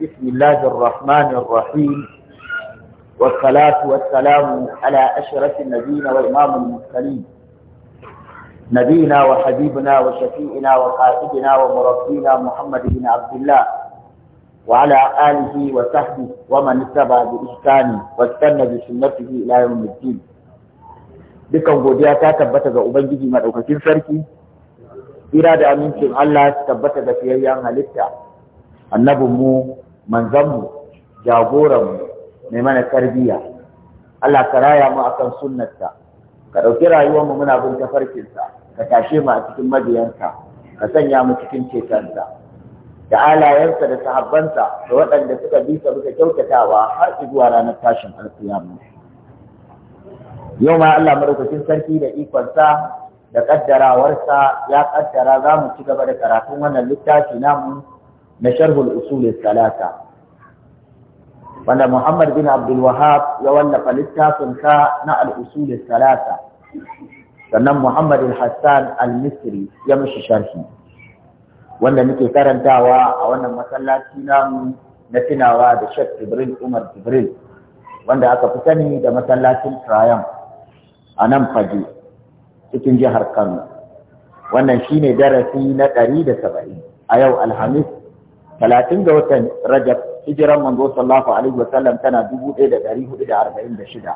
بسم الله الرحمن الرحيم والصلاة والسلام على أشرف النبيين وإمام المرسلين نبينا وحبيبنا وشفيئنا وقائدنا ومربينا محمد بن عبد الله وعلى آله وصحبه ومن اتبع بإحسانه واستنى بسنته إلى يوم الدين dukan godiya ta tabbata ga Ubangiji Maɗaukakin Sarki, ira da amincin Allah tabbata ga fiyayyen halitta, mu, manzanmu jagoranmu mai mana tarbiyya Allah ka raya mu akan sunnarsa ka ɗauki rayuwarmu muna bin tafarkinsa ka tashe mu a cikin mabiyansa ka sanya mu cikin cetonsa da alayensa da sahabbansa da waɗanda suka bi sa suka kyautatawa har zuwa ranar tashin alkiyama yau ma Allah madaukakin sarki da ikonsa da kaddarawarsa ya kaddara za mu ci gaba da karatun wannan littafi namu na sharhul usul talata, wanda Muhammad bin Abdulwahab ya wallafa littafin ka na al talata, sannan Muhammad hassan al-Misri ya mishi sharhi wanda muke karantawa a wannan masallaci namu na tunawa da Sheikh Ibrahim Umar Jibril wanda aka fi sani da masallacin Triumph a nan Faje cikin jihar Kano wannan shine darasi na ɗari da saba'in a yau Alhamis talatin ga watan rajab hijiran manzo sallallahu alaihi wasallam tana dubu ɗaya da ɗari hudu da arba'in da shida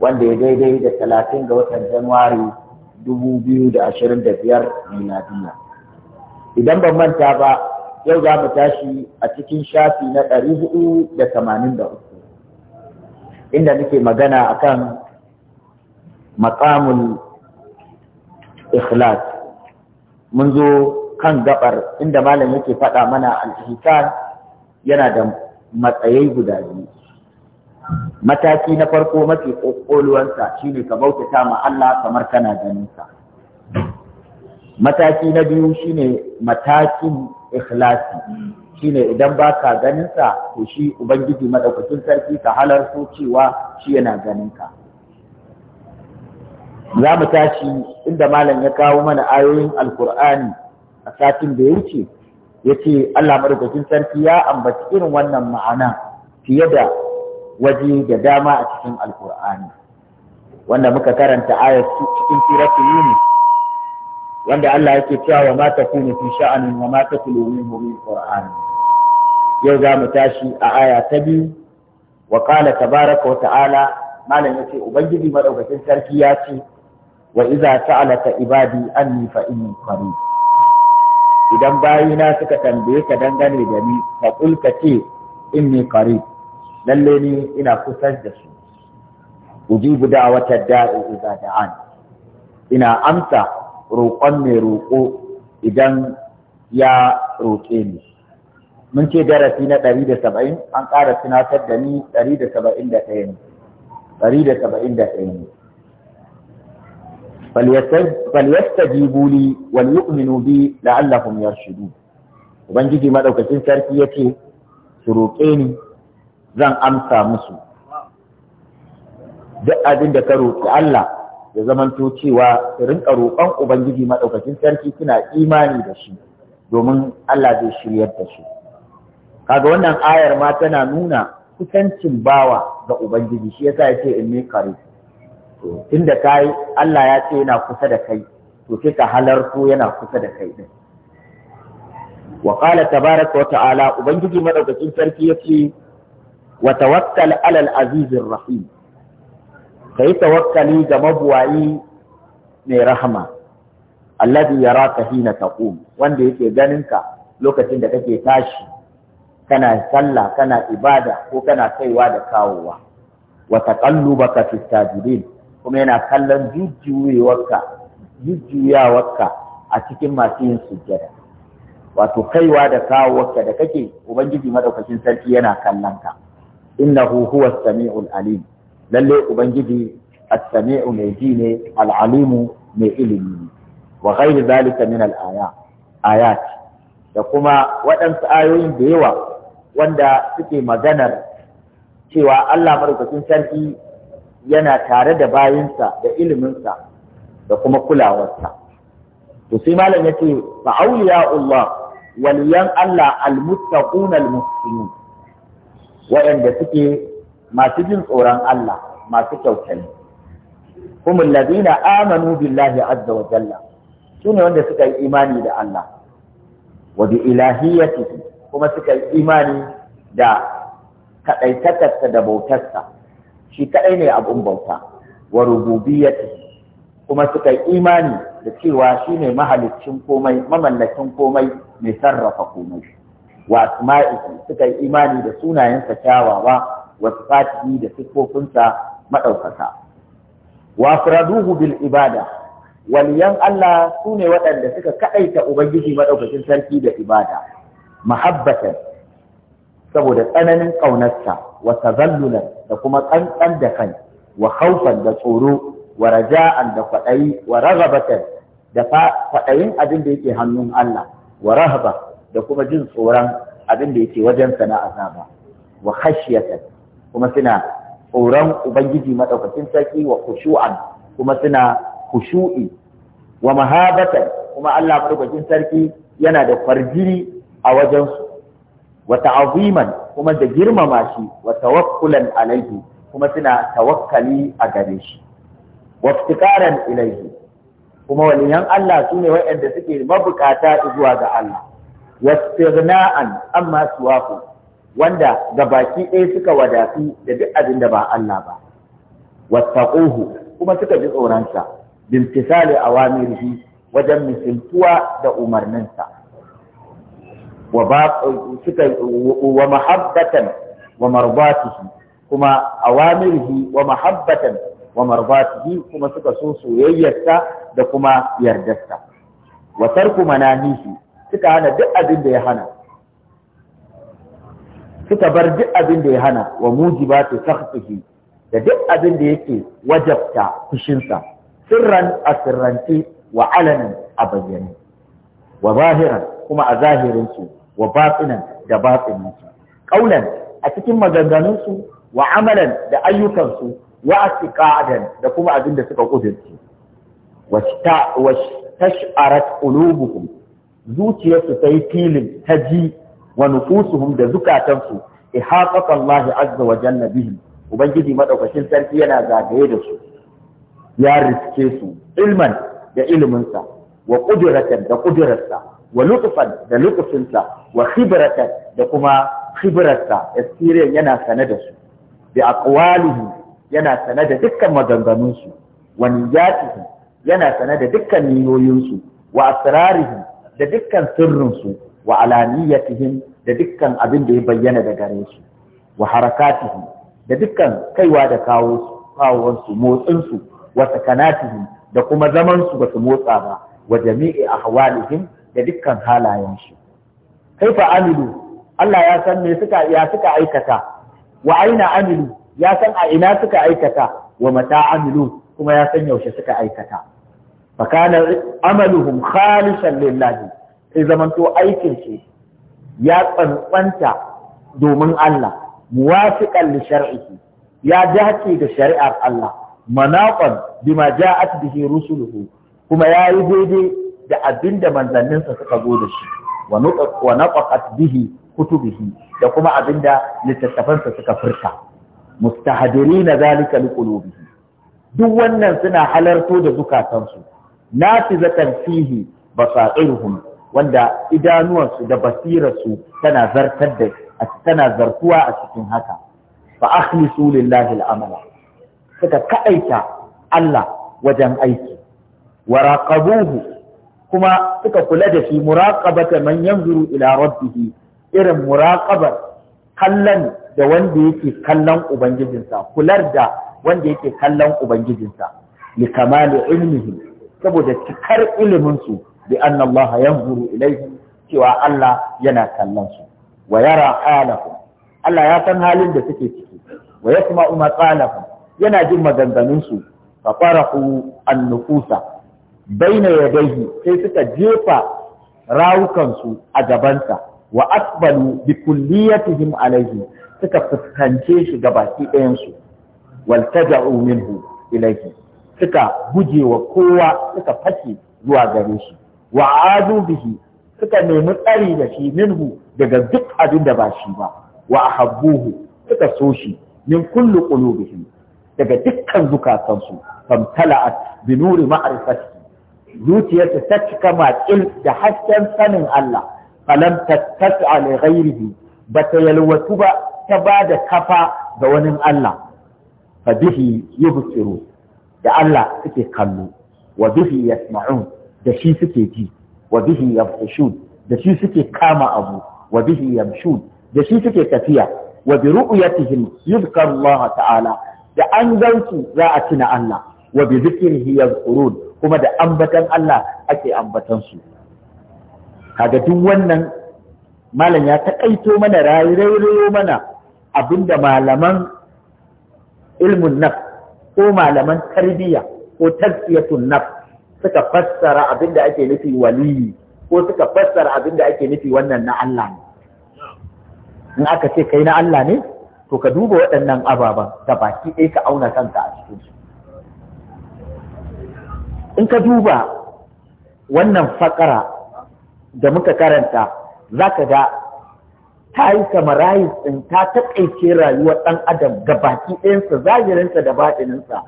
wanda ya daidai da talatin ga watan januwari dubu biyu da ashirin da biyar miladiya idan ban manta ba yau za mu tashi a cikin shafi na ɗari hudu da tamanin da uku inda muke magana akan maqamul ikhlas mun zo kan gabar inda malam yake faɗa mana al-ihsan yana da matsayi guda biyu mataki na farko mafi kokoluwansa shine ka bautata ma Allah kamar kana ganin sa mataki na biyu shine matakin ikhlasi shine idan baka ganin sa to shi ubangiji madaukakin sarki ka halarto cewa shi yana ganin ka za mu tashi inda malam ya kawo mana ayoyin alkur'ani a satin da ya wuce ya ce Allah madaukakin sarki ya ambaci irin wannan ma'ana fiye da waje da dama a cikin alkur'ani wanda muka karanta ayar cikin suratu yunus wanda Allah yake cewa wa ma takunu fi sha'anin wa mata tatlu min yau za mu tashi a aya ta biyu wa qala tabaraka wa ta'ala malam yace ubangiji madaukakin sarki ya ce wa idza ta'alaka ibadi anni fa inni qarib idan bayina suka tambaye ka dangane da ni ka kulka ce inni qarib lalle ni ina kusa da su ujibu wata da'i idza da'an ina amsa roƙon mai roƙo idan ya roƙe ni mun ce darasi na ɗari an ƙara tunatar da ni ɗari da ne falyastajibu li wal yu'minu bi la'allahum yarshudun ubangiji madaukakin sarki yace su roƙe ni zan amsa musu duk abinda ka roƙi Allah ya zamanto cewa su rinka roƙon ubangiji madaukakin sarki kina imani da shi domin Allah zai shirya da shi kaga wannan ayar ma tana nuna kusancin bawa ga ubangiji shi yasa yace inni qarib to tunda kai Allah ya ce yana kusa da kai to kika halarto yana kusa da kai din wa qala tabaraka wa ta'ala ubangiji madaukakin sarki yace wa tawakkal ala al-aziz rahim kai tawakkali ga mabuwayi mai rahama alladhi yaraka hina taqum wanda yake ganin ka lokacin da kake tashi kana sallah kana ibada ko kana kaiwa da kawowa wa taqallubaka fi sajidin kuma yana kallon jujjuyewarka jujjuyawarka a cikin masu yin sujjada wato kaiwa da kawowarka da kake ubangiji madaukakin sarki yana kallon ka innahu huwa samiul alim lalle ubangiji as-sami'u mai ji ne al-alimu mai ilimi ne wa ghairi zalika min al-aya ayat da kuma waɗansu ayoyin da yawa wanda suke maganar cewa Allah madaukakin sarki yana tare da bayinsa da iliminsa da kuma kulawarsa to sai malam yace fa awliya'ullah waliyan Allah almuttaqun almuslimin Waɗanda suke masu jin tsoron Allah masu kyautani kuma Ladina amanu billahi azza wa jalla sune wanda suka yi imani da Allah wa bi ilahiyatihi kuma suka yi imani da kadaitarsa da bautarsa shi kadai ne abun bauta wa rububiyyati kuma suka yi imani da cewa shi ne mahalicin komai mamallakin komai mai sarrafa komai wa asma'i suka yi imani da sunayensa kyawawa wa sifatihi da sifofinsa madaukaka wa faraduhu bil ibada waliyan Allah su ne waɗanda suka kaɗaita Ubangiji maɗaukacin sarki da ibada, mahabbatan saboda tsananin ƙaunarsa wa tazallulan da kuma kankan da kai wa khawfan da tsoro wa raja'an da kwaɗayi wa raghabatan da kwaɗayin abin da yake hannun Allah wa rahaba da kuma jin tsoron abin da yake wajen sana azaba wa khashyatan kuma suna tsoron ubangiji madaukakin sarki wa khushu'an kuma suna khushu'i wa mahabatan kuma Allah madaukakin sarki yana da kwarjiri a wajensu Wata ta'ziman kuma da girmama shi wa tawakkulan alaihi kuma suna tawakkali a gare shi wa iftiqaran ilaihi kuma waliyan Allah sune waɗanda suke mabukata zuwa ga Allah wa istighna'an amma waku, wanda ga baki ɗaya suka wadafi da duk abin ba Allah ba wattaquhu kuma suka ji tsoronsa bimtisali awamirihi wajen misiltuwa da umarninsa wa ba suka wa mahabbatan wa marbatihi kuma awamirihi wa mahabbatan wa marbatihi kuma suka so soyayyarsa da kuma yardarsa wa tarku manahihi suka hana duk abin da ya hana suka bar duk abin da ya hana wa mujibatu sakhtihi da duk abin da yake wajabta kushinsa sirran a sirrance wa alanin a bayyane wa zahiran kuma a zahirinsu wa batinan da batininsu ƙaunan a cikin maganganunsu wa amalan da ayyukansu wa atiqadan da kuma abin da suka kudurci wa tash'arat qulubuhum zuciyarsu ta yi filin ta ji wa nufusuhum da zukatansu ihaqata Allah azza wa jalla bihim ubangiji madaukakin sarki yana zagaye da su ya riske su ilman da iliminsa wa kudratan da kudrarsa wa lutufan da lutfinsa wa khibratan da kuma khibrarsa experience yana sane da su bi aqwalihi yana sane da dukkan maganganunsu wa niyyatihi yana sane da dukkan niyoyinsu wa asrarihi da dukkan sirrinsu wa alaniyatihim da dukkan abin da ya bayyana da gare su wa harakatihi da dukkan kaiwa da kawo kawowansu motsinsu wa sakanatihi da kuma zamansu ba su motsa ba wa jami'i ahwalihim da dukkan halayen shi kaifa amilu Allah ya san me suka ya suka aikata wa aina amilu ya san a ina suka aikata wa mata amilu kuma ya san yaushe suka aikata fa kana amaluhum khalisan lillahi sai zamanto aikin shi ya tsantsanta domin Allah muwafiqan li shar'ihi ya dace da shari'ar Allah manaqan bima ja'at bihi rusuluhu kuma yayi daidai da abinda manzanninsa suka zo da shi wa naqaqat bihi kutubihi da kuma abinda littattafansa suka furta mustahadirina zalika liqulubihi duk wannan suna halarto da zukatansu nafizatan fihi basairuhum wanda idanuwansu da basirarsu tana zartar da tana zartuwa a cikin haka fa akhlisu lillahi al'amala suka kadaita Allah wajen aiki wa raqabuhu kuma suka kula da shi muraqabata man yanzuru ila rabbih irin muraqabar kallon da wanda yake kallon ubangijinsa kular da wanda yake kallon ubangijinsa li kamali ilmihi saboda cikar ilimin su bi anna Allah yanzuru ilayhi cewa Allah yana kallon su wa yara halahum Allah ya san halin da suke ciki wa yasma'u maqalahum yana jin maganganun su fa farahu an-nufusa baina yadayhi sai suka jefa rawukansu a gabansa wa asbalu bi kulliyatihim alaihi suka fuskance shi gabaki ɗayansu waltaja'u minhu ilaihi suka guje wa kowa suka fashe zuwa gare shi wa azu bihi suka nemi tsari da shi minhu daga duk abin da ba shi ba wa ahabbuhu suka so shi min kullu qulubihim daga dukkan zukatansu famtala'at bi nuri ma'rifati Zuciyarsa ta cika maƙil da hasken sanin Allah falam tattata li ghairihi ba ta yalwatu ba ta ba da kafa ga wani Allah fa bihi yubsiru da Allah suke kallo wa bihi yasma'un da shi suke ji wa bihi yabshun da shi suke kama abu wa bihi yamshun da shi suke tafiya wa bi ru'yatihim yuzkar Allah ta'ala da an gansu za a tuna Allah wa bi dhikrihi yazkurun kuma da ambatan Allah ake ambatan su kaga duk wannan malam ya takaito mana rairayo mana abinda malaman ilmun naf ko malaman tarbiyya ko tasfiyatun naf suka fassara abinda ake nufi waliyi ko suka fassara abinda ake nufi wannan na Allah ne in aka ce kai na Allah ne to ka duba waɗannan ababen da baki ɗaya ka auna kanka a cikin su in ka duba wannan fakara da muka karanta za ka ga ta yi samarayi ɗin ta taƙaice rayuwar ɗan adam ga baki ɗayansa zahirinsa da baɗininsa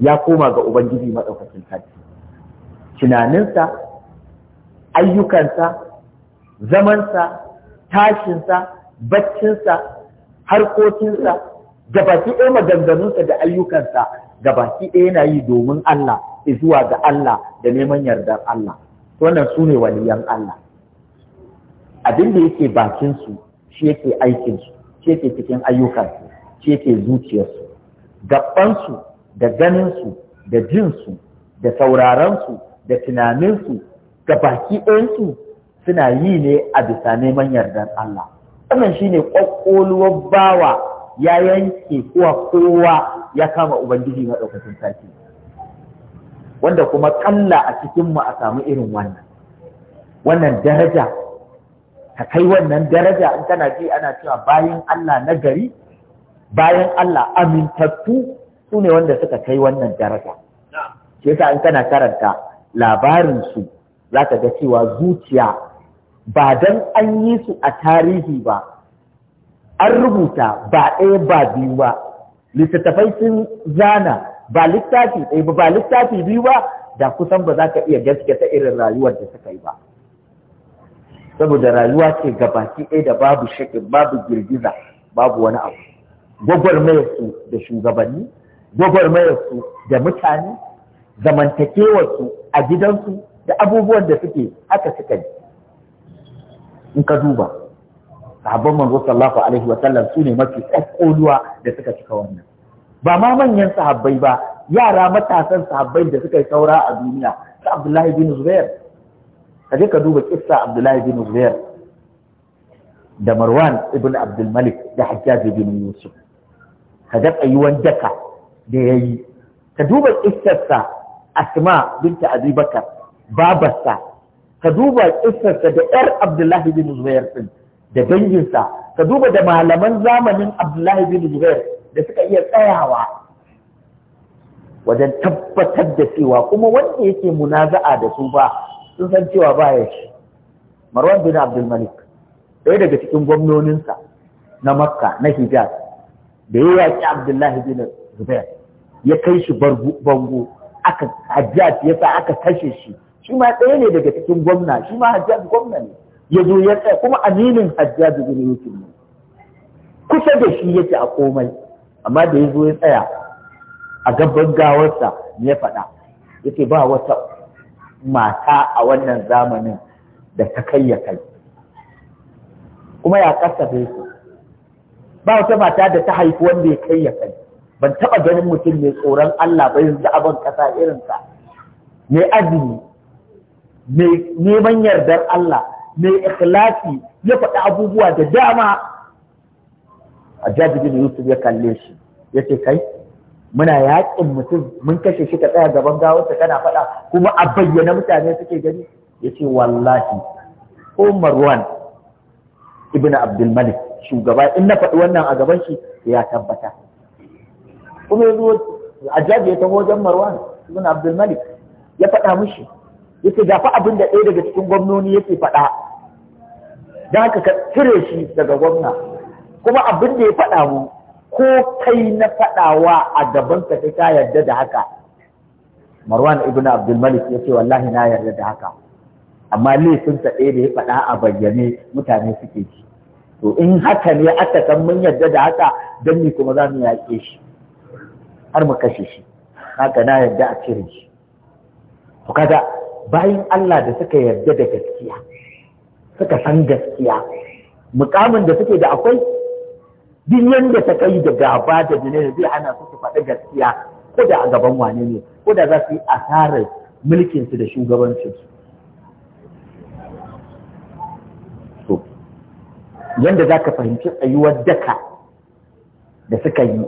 ya koma ga ubangiji maɗaukacin sarki tunaninsa ayyukansa zamansa tashinsa baccinsa harkokinsa gabaki ɗaya maganganunsa da ayyukansa ga baki ɗaya yana yi domin Allah zuwa ga Allah da neman yardar Allah wannan su ne waliyan Allah abin da yake bakinsu shi yake aikin shi yake cikin ayyukansu, shi yake zuciyarsu, da ganinsu, da jinsu, da sauraron da tunaninsu ga baki ɗayan suna yi ne a bisa neman yardar Allah wannan shine kwakwalwar bawa ya yanke kowa kowa ya kama ubangiji maɗaukacin sarki wanda kuma kalla a cikinmu a samu irin wannan wannan daraja ka kai wannan daraja in kana ji ana cewa bayan Allah na gari bayan Allah amintattu su ne wanda suka kai wannan daraja shi yasa in kana karanta labarin su zaka ga cewa zuciya ba dan an yi su a tarihi ba an rubuta ba ɗaya ba biyu ba littattafai sun zana ba littafi ɗaya ba ba littafi biyu ba da kusan ba za ka iya gaskata irin rayuwar da suka yi ba saboda rayuwa ce baki ɗaya da babu shakin babu girgiza babu wani abu gwagwarmayarsu da shugabanni gwagwarmayarsu da mutane zamantakewarsu a gidansu da abubuwan da suke haka suka yi in ka duba sahabban manzo sallallahu alaihi wa sallam su ne mafi ƙasƙoluwa da suka cika wannan ba ma manyan sahabbai ba yara matasan sahabbai da suka yi saura a duniya ta abdullahi bin zubair ka je ka duba kissa abdullahi bin zubair da marwan ibn abdul malik da hajjaj bin yusuf ka ga tsayuwan daka da ya yi ka duba kissarsa asma binta abubakar babarsa ka duba kissarsa da yar abdullahi bin zubair din da danginsa ka duba da malaman zamanin abdullahi bin zubair da suka iya tsayawa wajen tabbatar da cewa kuma wanda yake munaza'a da su ba sun san cewa ba ya shi marwan bin abdul malik ɗaya daga cikin gwamnoninsa na makka na hijaz da ya yaki abdullahi bin zubair ya kai shi bango aka hajjaj ya sa aka kashe shi shi ma ɗaya ne daga cikin gwamna shi ma hajjaj gwamna ne ya zo ya tsaya kuma aminin hajjaj bin yusuf ne kusa da shi yake a komai amma da ya zo ya tsaya a gaban gawarsa ya faɗa yake ba wata mata a wannan zamanin da ta kai ya kai kuma ya kasafe su ba wata mata da ta haifi wanda ya kai ya kai ban taɓa ganin mutum mai tsoron Allah ba yanzu ban ƙasa irinsa mai azumi mai neman yardar Allah mai ikhlasi ya faɗi abubuwa da dama Hajjaj bin Yusuf ya kalle shi ya ce kai muna yaƙin mutum mun kashe shi ka tsaya gaban gawarsa kana faɗa kuma a bayyana mutane suke gani ya ce wallahi ko Marwan ibn Abdulmalik shugaba in na faɗi wannan a gaban shi ya tabbata kuma yanzu Hajjaj ya taho wajen Marwan ibn Abdulmalik ya faɗa mushi ya ce fa abin da ɗaya daga cikin gwamnoni yake faɗa Da haka ka cire shi daga gwamna kuma abin da ya faɗa mu ko kai na faɗawa a gaban ka ta yarda da haka Marwan ibn Abdul Malik ya ce wallahi na yarda da haka amma laifin ta ɗaya da ya faɗa a bayyane mutane suke ji. to in haka ne aka san mun yarda da haka dan ni kuma za mu yaƙe shi har mu kashe shi haka na yarda a cire shi to kaga bayan Allah da suka yarda da gaskiya suka san gaskiya mukamin da suke da akwai duk yanda ta kai da gaba da dinai zai hana su su faɗi gaskiya ko da a gaban wane ne ko da za su yi asarar mulkinsu da shugabancinsu to yanda za ka fahimci tsayuwar daka da suka yi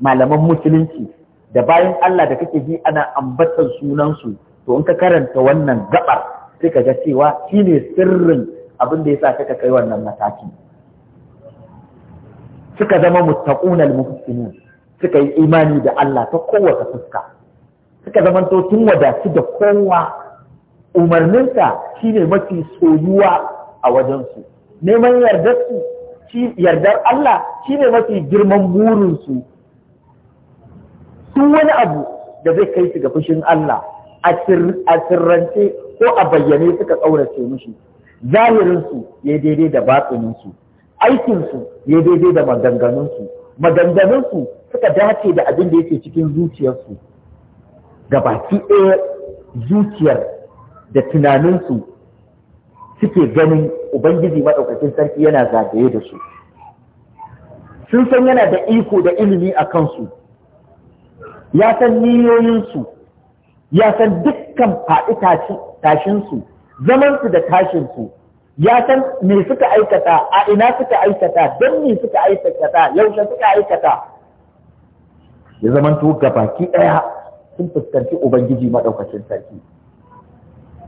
malaman musulunci da bayan Allah da kake ji ana ambatan sunansu to in ka karanta wannan gabar sai ka ga cewa shine sirrin abin da yasa kaka kai wannan mataki suka zama muttaqunal muhsinin suka yi imani da Allah ta kowace fuska suka zama to tun wadatu da kowa umarninsa shine mafi soyuwa a wajensu neman yardar su shi yardar Allah shine mafi girman burinsu su wani abu da zai kai su ga fushin Allah a sirrance ko a bayyane suka ƙaurace mushi zahirinsu ya daidai da batsuninsu aikinsu ya daidai da maganganunsu maganganunsu suka dace da abin da yake cikin zuciyarsu ga baki ɗaya zuciyar da tunaninsu suke ganin ubangiji maɗaukakin sarki yana zagaye da su sun san yana da iko da ilimi a kansu ya san niyoyinsu ya san dukkan faɗi tashinsu zamansu da tashinsu ya san me suka aikata a ina suka aikata don me suka aikata yaushe suka aikata ya ga gabaki ɗaya sun fuskanci ubangiji maɗaukacin sarki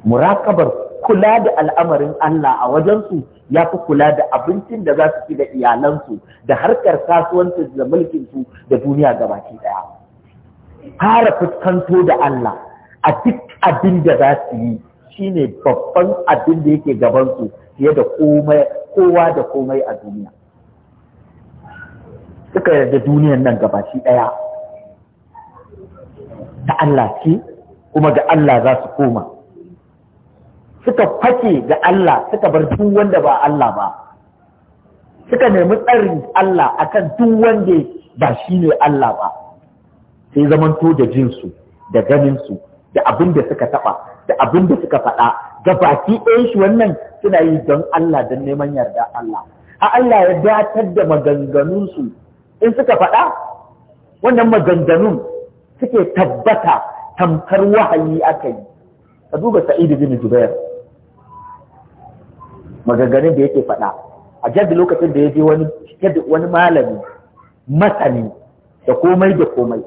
murakabar kula da al'amarin Allah a wajensu ya fi kula da abincin da za su ci da iyalansu da harkar kasuwanci da mulkin su da duniya ga baki ɗaya fara fuskanto da Allah a duk abin da za su yi Shi ne babban abin da yake gabansu fiye da kowa da komai a duniya suka yarda duniyan nan gabashi ɗaya ta Allah ce kuma ga Allah za su koma suka fake ga Allah suka bar duk wanda ba Allah ba suka nemi tsarin Allah akan duk wanda ba shi ne Allah ba sai zamanto da jinsu da ganinsu da abin da suka taɓa da abin da suka faɗa ga baki shi wannan suna yi don Allah don neman yarda Allah a Allah ya datar da maganganunsu in suka faɗa wannan maganganun suke tabbata tamkar wahayi aka yi ka duba Sa'idu bin jubair maganganun da yake faɗa a da lokacin da ya je wani wani malami masani da komai da komai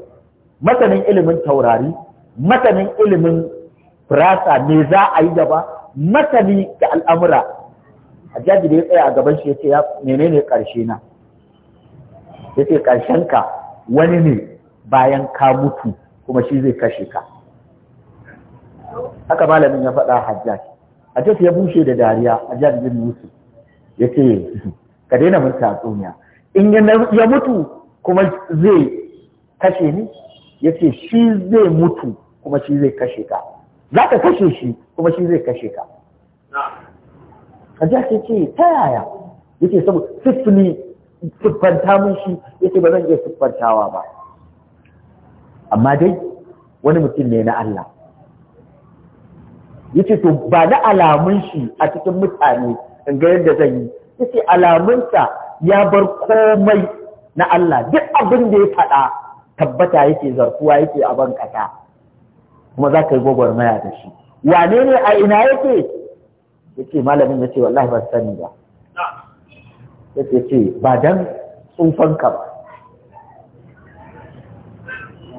masanin ilimin taurari masanin ilimin firasa me za a yi gaba masani da al'amura a jaji da ya tsaya a gaban shi ya ce menene ƙarshe na ya ce karshen ka wani ne bayan ka mutu kuma shi zai kashe ka haka malamin ya faɗa hajjaj hajjaj ya bushe da dariya a jaji bin yusuf ya ce ka daina mun tatsuniya in ya mutu kuma zai kashe ni ya ce shi zai mutu kuma shi zai kashe ka za ka kashe shi kuma shi zai kashe ka kaja ce ce ta yaya yake saboda sifili, siffanta mun shi yake ba zan iya siffantawa ba amma dai wani mutum ne na Allah yace to ba na alamun shi a cikin mutane in ga yadda zan yi yace alamunsa ya bar komai na Allah duk abin da ya faɗa tabbata yake zarkuwa yake a ban kasa kuma za ka yi gwagwarmaya da shi wane ne a ina yake ce malamin ya ce wallahi ba sani ba Ya ce ba dan tsufan ka ba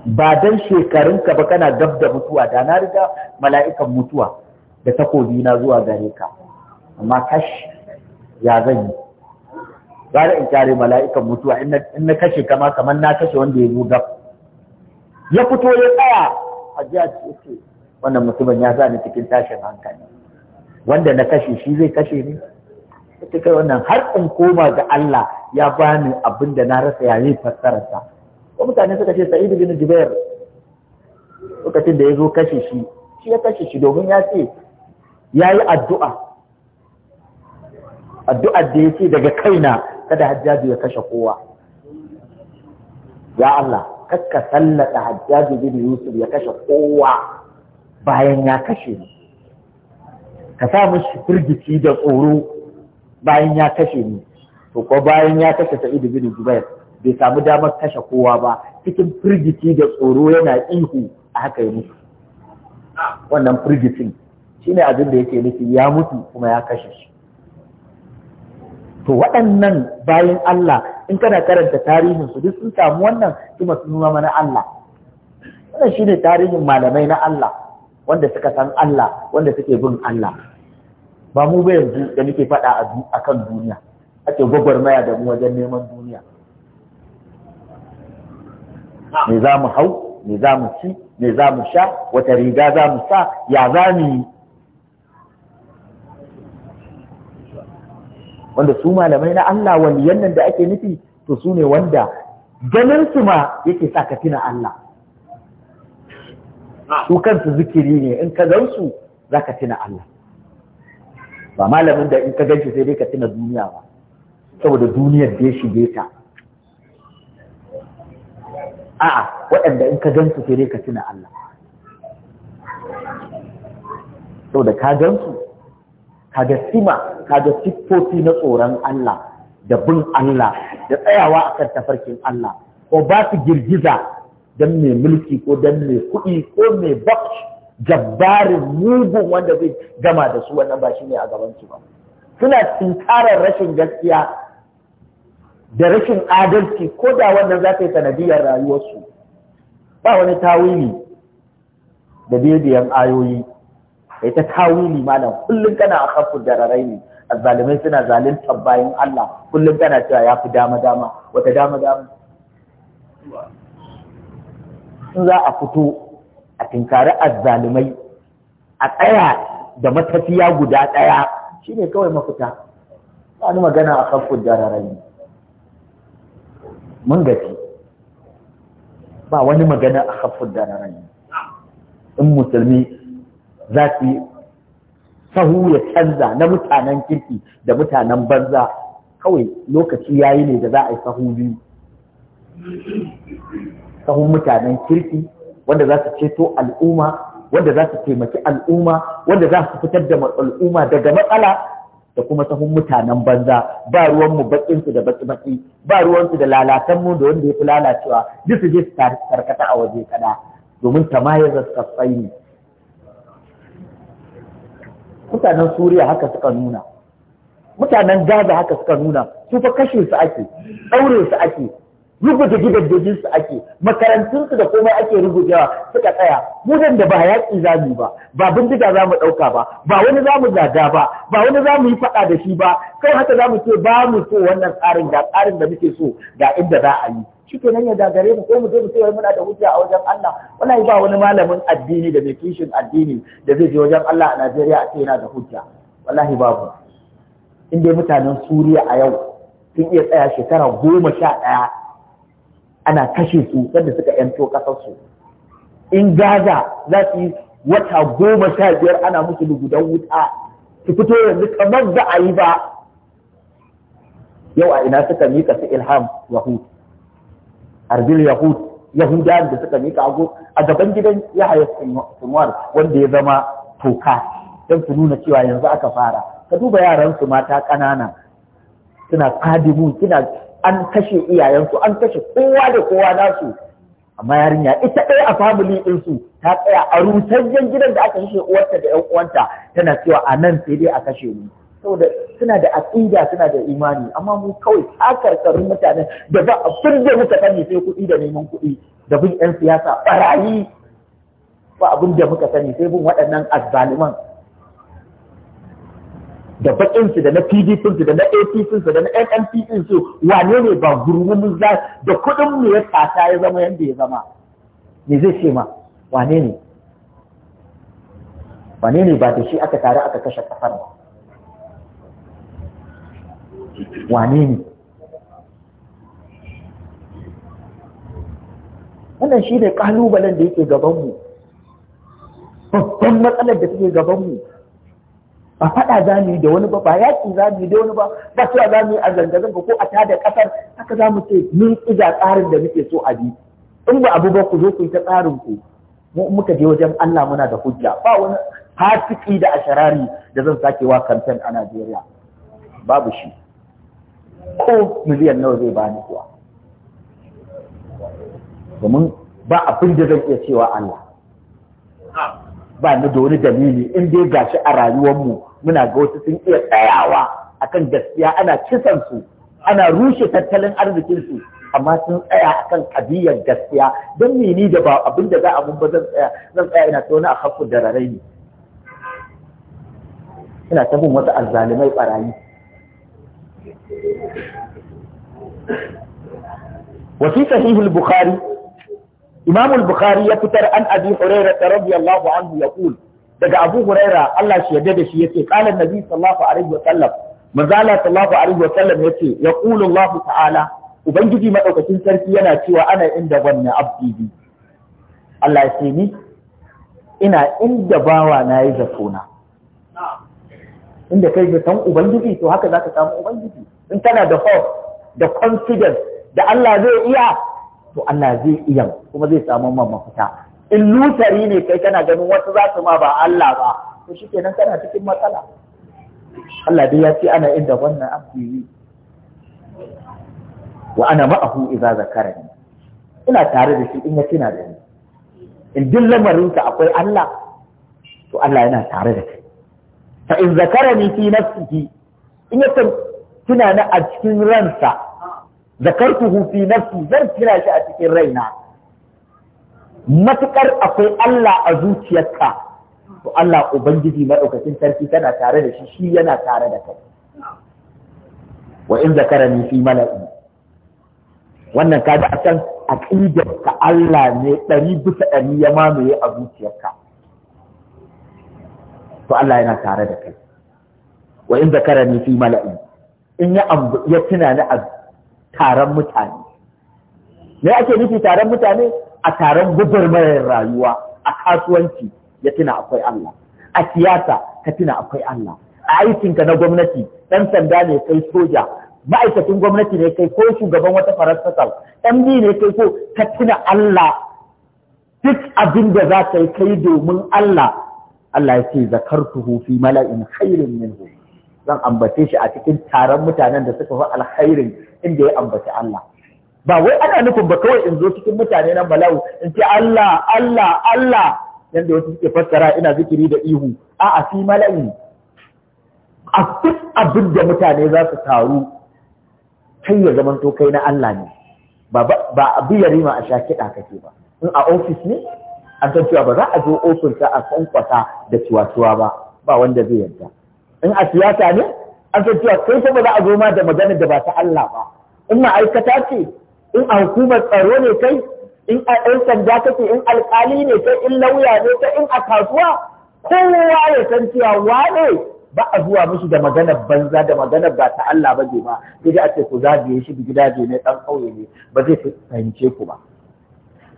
ba dan shekarun ka ba kana gab da mutuwa da na riga mala'ikan mutuwa da takobi na zuwa gare ka amma kash ya zan yi gara in kare mala'ikan mutuwa in na kashe kama kamar na kashe wanda ya zo gab ya fito ya tsaya hajjaj ya wannan mutumin ya sa ni cikin tashin hankali wanda na kashe shi zai kashe ni ta kai wannan har in koma ga Allah ya bani abin da na rasa ya yi fassararsa ko mutane suka ce sa'idu bin jubair lokacin da ya zo kashe shi shi ya kashe shi domin ya ce ya yi addu'a addu'ar da ya ce daga kaina kada hajjaju ya kashe kowa ya Allah kakka sallata hajjaji bin yusuf ya kashe kowa bayan ya kashe ni ka sa mishi firgici da tsoro bayan ya kashe ni to ko bayan ya kashe sa'id bin jubair bai samu damar kashe kowa ba cikin firgici da tsoro yana ihu a haka ya mutu wannan firgicin shine abin da yake nufi ya mutu kuma ya kashe shi to waɗannan bayan Allah in kana karanta tarihin su duk sun samu wannan kuma sun nuna na Allah wannan shine tarihin malamai na Allah wanda suka san Allah wanda suke bin Allah ba mu ba yanzu da muke faɗa a kan duniya ake gwagwarmaya da mu wajen neman duniya me za mu hau me za mu ci me za mu sha wata riga za mu sa ya za mu yi wanda su malamai na Allah waliyan nan da ake nufi to su ne wanda ganin su ma yake sa ka tuna Allah su kansu zikiri ne in ka gan su za ka tuna Allah ba malamin da in ka gan shi sai dai ka tuna duniya ba saboda duniyar da ya shige ta a'a waɗanda in ka gan su sai dai ka tuna Allah saboda ka gan su kaga sima kaga siffofi na tsoron Allah da bin Allah da tsayawa a akan tafarkin Allah ko ba su girgiza don mai mulki ko don mai kuɗi ko mai bakci jabbarin mugun wanda zai gama da su wannan ba shi ne a su ba suna tinkarar rashin gaskiya da rashin adalci ko da wannan za ta yi sanadiyar rayuwarsu ba wani tawili da bebiyan ayoyi ya ta tawili malam kullum kana akhafu dararai ne azalimai suna zaluntar bayan Allah kullum kana cewa ya fi dama dama wata dama dama in za a fito a tinkari azalimai a tsaya da matafiya guda ɗaya ne kawai mafita wani magana a kan dararai mun gaji ba wani magana a kan dararai in musulmi za su yi sahu ya canza na mutanen kirki da mutanen banza kawai lokaci ya yi ne da za a yi sahu biyu sahun mutanen kirki wanda za su ceto al'umma wanda za su taimaki al'umma wanda za su fitar da al'umma daga matsala da kuma sahun mutanen banza ba ruwanmu bakinsu da baki-baki ba ruwansu da lalatanmu da wanda ya fi lalacewa duk su je su karkata a waje kada domin tamayar da sassai ne mutanen suriya haka suka nuna mutanen gaza haka suka nuna su fa kashe su ake ɗaure su ake rubuta gidajen su ake makarantunsu da komai ake rubutawa suka tsaya mu da ba yaƙi za mu ba ba bindiga za mu ɗauka ba ba wani zamu mu ba ba wani za mu yi faɗa da shi ba kai haka za mu ce ba mu so wannan tsarin ga tsarin da muke so ga inda za a yi shike nan ya dagare mu sai mu je mu ce muna da hujja a wajen Allah wallahi ba wani malamin addini da mai kishin addini da zai je wajen Allah a Najeriya a ce yana da hujja wallahi babu in dai mutanen Suriya a yau sun iya tsaya shekara goma sha ɗaya ana kashe su sanda suka yanto su in Gaza za su yi wata goma sha biyar ana musu lugudan wuta su fito yanzu kamar da a yi ba yau a ina suka mika su ilham yahud arbil yahud yahuda da suka mika ago a gaban gidan yahaya sunwar wanda ya zama toka don su nuna cewa yanzu aka fara ka duba yaran su mata ƙanana suna kadimu suna an kashe iyayensu an kashe kowa da kowa nasu amma yarinya ita ɗaya a family din su ta tsaya a rusashen gidan da aka kashe uwarta da ƴan uwanta tana cewa a nan sai dai a kashe mu saboda suna da aƙida suna da imani amma mu kawai takarkarin mutane da ba a furge muka sani sai kuɗi da neman kuɗi da bin ƴan siyasa ɓarayi ba abin da muka sani sai bin waɗannan azzaliman da bakin su da na PDP su da na APC su da na NNP su wane ne ba gurgumin za da kuɗin mu ya tsata ya zama yanda ya zama me zai ce ma wane ne wane ne ba da shi aka tare aka kashe ƙasar? ba wane ne wannan shi ne ƙalubalen da yake gabanmu babban matsalar da take gabanmu ba faɗa za mu yi da wani ba ba yaƙi za mu yi da wani ba ba cewa za mu yi a zanga-zanga ko a tada ƙasar haka za mu ce mun ƙiga tsarin da muke so a bi in ba abu ba ku zo ku yi ta tsarin ku mu muka je wajen Allah muna da hujja ba wani fasiki da asharari da zan sakewa kamfen a Najeriya babu shi ko miliyan nawa zai bani kuwa domin ba abin da zan iya cewa Allah ba ni da wani dalili in dai gashi a rayuwar mu muna ga wasu sun iya tsayawa akan gaskiya ana kisan su ana rushe tattalin arzikin su amma sun tsaya akan kabiyar gaskiya don ni da ba abin da za a mun ba zan tsaya zan tsaya ina ta wani a hakku da rarai ina ta bin wasu alzalimai barayi وفي صحيح البخاري امام bukhari imam عن bukhari ya fitar an عنه يقول دغ anhu yaqul daga abu huraira Allah shi قال da shi yace عليه وسلم sallallahu alaihi wa sallam manzala sallallahu alaihi wa sallam yace yaqulu ta'ala ubangiji madaukakin sarki yana cewa ana inda wannan abdi Allah ya ce ni ina inda bawa na yi zatona inda kai zaton ubangiji to haka zaka samu ubangiji in tana da hope da confidence da Allah zai iya to Allah zai iya kuma zai samu man mafita in lutari ne kai kana ganin wasu za su ma ba Allah ba to shikenan kana cikin matsala Allah dai ya ce ana inda wannan abdi wa ana ma'ahu idza zakarani ina tare da shi in ya tuna da ni in duk lamarinka akwai Allah to Allah yana tare da kai fa in zakarani fi nafsihi in ya tuna na a cikin ransa zakartuhu fi nafsi zan kira shi a cikin raina matukar akwai Allah a zuciyarka to Allah ubangiji madaukakin sarki tana tare da shi shi yana tare da kai wa in zakarani fi mala'i wannan kaji a can aqidar ka Allah ne ɗari bisa ɗari ya mamaye a zuciyarka to Allah yana tare da kai wa in zakarani fi mala'i in ya ya tunani a taron mutane me ake nufi taron mutane a taron gubarmayar rayuwa a kasuwanci ya tuna akwai Allah a siyasa ka tuna akwai Allah a aikinka na gwamnati ɗan sanda ne kai soja ma'aikacin gwamnati ne kai ko shugaban wata faransasar bi ne kai ko ka tuna Allah duk abin da za ka yi kai domin Allah Allah ya ce zakartuhu fi mala'in khairin minhu zan ambace shi a cikin taron mutanen da suka fi alkhairin inda ya ambaci Allah ba wai ana nufin ba kawai in zo cikin mutane na malawu in ce Allah Allah Allah yadda wasu suke fassara ina zikiri da ihu a'a fi mala'i a duk abin da mutane za su taru kai ya zama to kai na Allah ne ba a abu yarima a sha kiɗa kake ba in a ofis ne an san cewa ba za a zo ofis a kwankwasa da ciwatuwa ba ba wanda zai yarda in a siyasa ne an san cewa kai za a zo ma da magana da ba ta Allah ba in ma'aikata ce in a hukumar tsaro ne kai in a ɗan sanda kake in alƙali ne kai in lauya ne kai in a kasuwa kowa ya san cewa wane ba a zuwa mishi da magana banza da magana ba ta Allah ba ba sai dai a ce ku zagaye shi gida gidaje ne ɗan ƙauye ne ba zai fahimce ku ba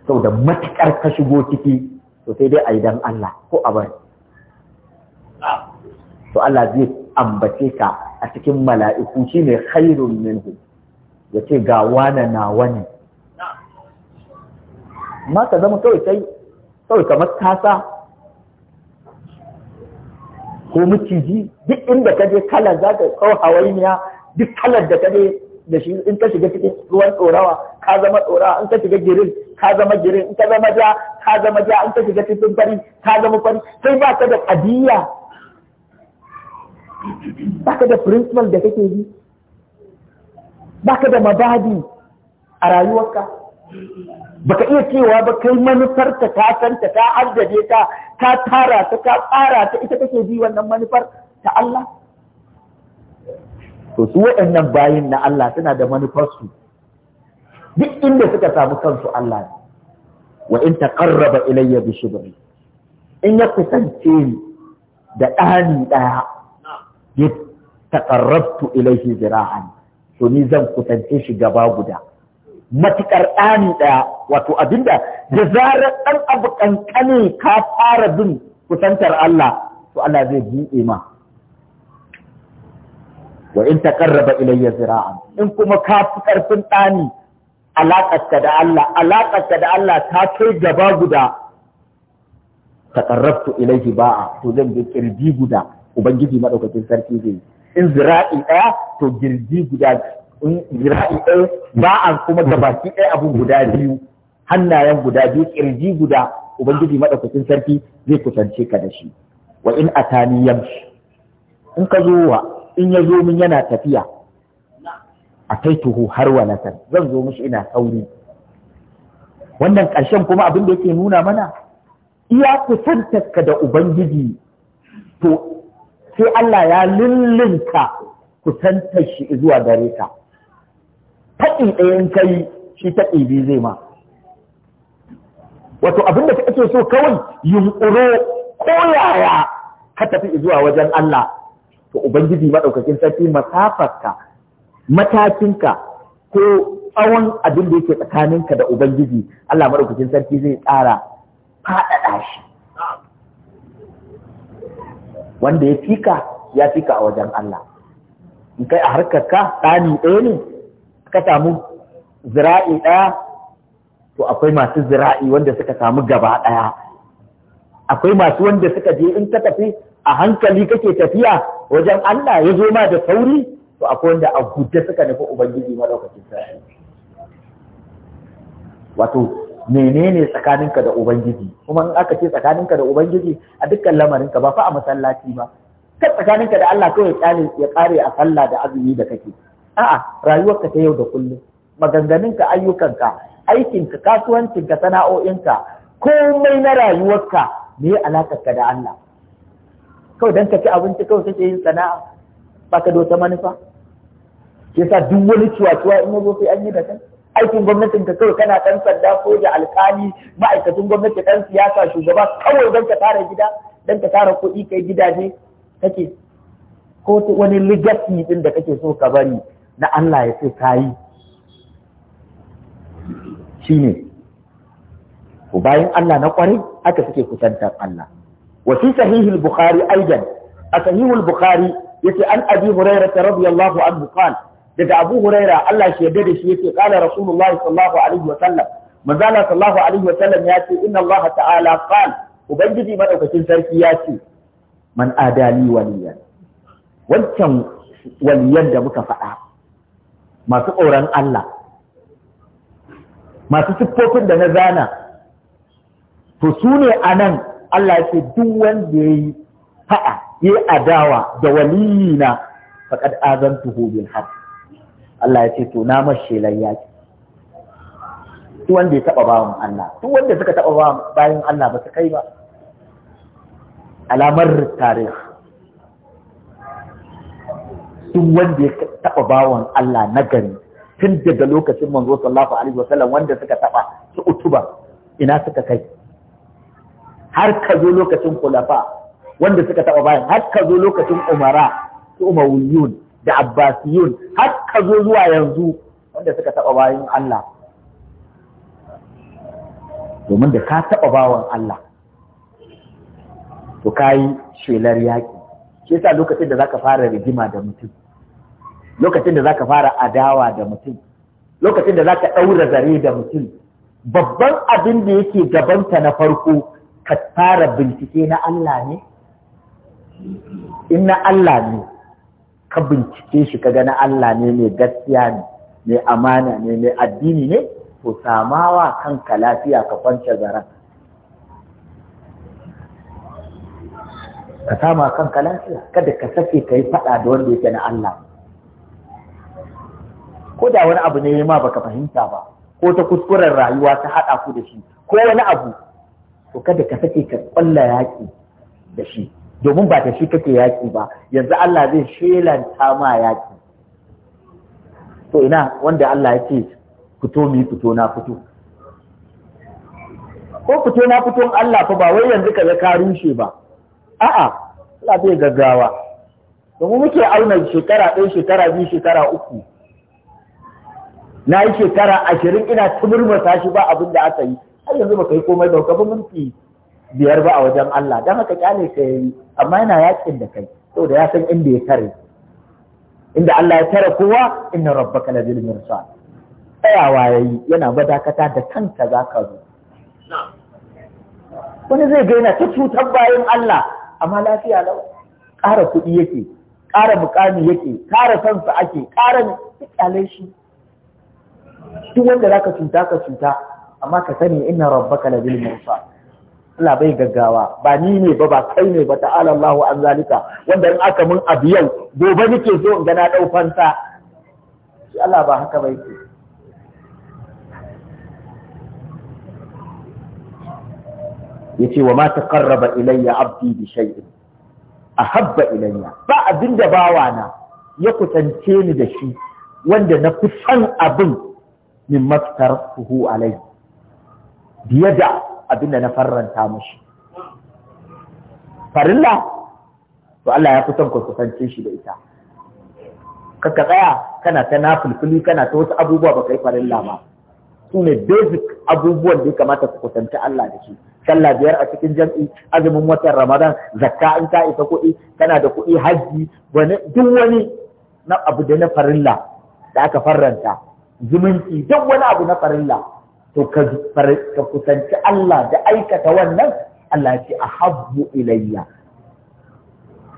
saboda matuƙar ka shigo ciki to sai dai a yi dan Allah ko a bari to Allah zai ambace ka a cikin mala'iku shi ne khairun minhu ce ga wane na wani ma ka zama kawai kai kawai kamar kasa ko maciji duk inda ka je kalar za ka kawo hawainiya duk kalar da ka je da shi in ka shiga cikin ruwan tsorawa ka zama tsorawa in ka shiga girin ka zama girin in ka zama ja ka zama ja in ka shiga cikin fari ka zama fari sai ba ka da kadiya baka da principal da kake bi baka da mabadi a rayuwarka baka iya cewa ba kai manufar ta santa ta ta ta tara ta ta tsara ta ita kake bi wannan manufar ta Allah to su waɗannan bayin na Allah suna da manufar manufarsu duk inda suka samu kansu Allah ne wa in taqarraba ilayya bi shibri in ya kusance ni da ɗani ɗaya ya taƙarrabtu ilaihi zira'an to ni zan kusance shi gaba guda matuƙar ɗani ɗaya wato abinda da zarar ɗan abu ƙanƙanin ka fara bin kusantar Allah to Allah zai buɗe ma wa in taqarraba ilayya zira'an in kuma ka fi ƙarfin ɗani alaƙarka da Allah alaƙarka da Allah ta kai gaba guda taqarrabtu ilayhi ba'a to zan bi kirji guda ubangiji madaukakin sarki zai yi in zira'i ɗaya to girji guda in zira'i ɗaya ba a kuma da baki ɗaya abun guda biyu hannayen guda biyu kirji guda ubangiji madaukakin sarki zai kusance ka da shi wa in atani yamshi in ka zo wa in ya zo min yana tafiya a kai tuhu har walatan zan zo mishi ina sauri wannan ƙarshen kuma abin da yake nuna mana iya kusantarka da ubangiji to sai Allah ya lullunta kusantar shi zuwa gare ka taƙi ɗayan kai shi taƙi biyu zai ma wato abin da ake so kawai yunƙuro ko yaya ka tafi zuwa wajen Allah to ubangiji maɗaukakin sarki masafarka matakinka ko tsawon abin da yake tsakaninka da ubangiji Allah maɗaukakin sarki zai tsara faɗaɗa shi wanda ya fika ya fika a wajen Allah in kai a harkar ka ɗani ɗaya ne ka samu zira'i ɗaya to akwai masu zira'i wanda suka samu gaba ɗaya akwai masu wanda suka je in ka tafi a hankali kake tafiya wajen Allah ya zo ma da sauri to akwai wanda a guje suka nufi ubangiji madaukakin sarki wato menene tsakaninka da ubangiji kuma in aka ce tsakaninka da ubangiji a dukkan lamarinka ba fa a masallaci ba kan tsakaninka da Allah kawai ya kare a sallah da azumi da kake a'a rayuwarka ta yau da kullum maganganunka ayyukanka aikinka kasuwancinka sana'o'inka komai na rayuwarka me alakarka da Allah kawai dan ka ci abinci kawai kake yin sana'a baka da wata manufa sa duk wani ciwa-ciwa in yazo sai an yi da kai aikin gwamnatin ka kawai kana ɗan sanda soja alkali ma'aikacin gwamnati ɗan siyasa shugaba kawai don ka tara gida don ka tara kuɗi kai gidaje kake ko wani legacy ɗin da kake so ka bari na Allah ya ce ka yi bayan Allah na kwarai aka suke kusantar Allah wa fi sahihul bukhari aidan a sahihul bukhari yace an abi hurairah radiyallahu anhu qala daga Abu Huraira Allah shi yarda da shi yake qala Rasulullahi sallallahu alaihi wa sallam manzala sallallahu alaihi wa sallam ya ce inna Allah ta'ala qala ubangiji madaukakin sarki ya ce man adali waliyan wancan waliyan da muka faɗa masu tsoron Allah masu siffofin da na zana to su ne a nan Allah ya ce duk wanda ya yi faɗa ya adawa da waliyina faƙad azantuhu bil haqq Allah ya ce to na shelar yaki duk wanda ya taba bawan Allah duk wanda suka taba bayan Allah ba su kai ba alamar tarih duk wanda ya taba bawan Allah na gari tun daga lokacin manzo sallallahu alaihi wasallam wanda suka taba su utuba ina suka kai har ka zo lokacin kulafa wanda suka taba bayan har ka zo lokacin umara su umawiyun da abbasiyun har ka zo zuwa yanzu wanda suka taɓa bayan Allah domin da ka taɓa bawan Allah to ka yi shelar yaƙi shi yasa lokacin da za ka fara rigima da mutum lokacin da za ka fara adawa da mutum lokacin da za ka ɗaura zare da mutum babban abin da yake gabanta na farko ka fara bincike na Allah ne in na Allah ne ka bincike shi ka gani Allah ne mai gaskiya ne mai amana ne mai addini ne to samawa kanka lafiya ka kwance zaran ka sama kanka lafiya kada ka sake ka yi faɗa da wanda yake na Allah ko da wani abu ne ma baka fahimta ba ko ta kuskuren rayuwa ta haɗa ku da shi ko wani abu to kada ka sake ka ƙwalla yaƙi da shi domin ba ta shi kake yaƙi ba yanzu Allah zai shelanta ma yaƙi to ina wanda Allah ya ce fito mi fito na fito ko fito na fito Allah fa ba wai yanzu ka ka rushe ba a'a Allah zai gaggawa domin muke auna shekara ɗaya shekara biyu shekara uku na yi shekara ashirin ina tumurmasa shi ba abin da aka yi har yanzu ba ka yi komai ba ka fi minti biyar ba a wajen Allah don haka kyale ka yi, amma yana yakin da kai da ya san inda ya tare inda Allah ya tare kowa inna rabbaka labil mirsal tsayawa yayi yana madakata da kanka zaka zo wani zai gaina ta cutar bayan Allah amma lafiya lau ƙara kuɗi yake ƙara mukami yake ƙara sansa ake ƙara kyale shi duk wanda ka cuta ka cuta amma ka sani inna rabbaka labil mirsal Allah bai gaggawa ba ni ne ba ba kai ne ba ta'ala Allahu an zalika wanda in aka mun abu yau gobe nake so in ga na dau fansa shi Allah ba haka bai ke yace wa ma taqarraba ilayya abdi bi shay'in ahabba ilayya ba abinda na, ya kusance ni da shi wanda na fi son abin min maftarkuhu alai biya da abinda na farranta mashi. farilla to Allah ya fi son ku kusance shi da ita kaka tsaya kana ta nafulfuli kana ta wasu abubuwa ba kai farilla ba su ne basic abubuwan da ya kamata ku kusanci Allah da shi sallah biyar a cikin jam'i azumin watan ramadan zakka in ka isa kuɗi kana da kuɗi hajji wani duk wani na abu da na farilla da aka farranta zumunci duk wani abu na farilla to ka kusanci Allah da aikata wannan Allah ce a habbu ilayya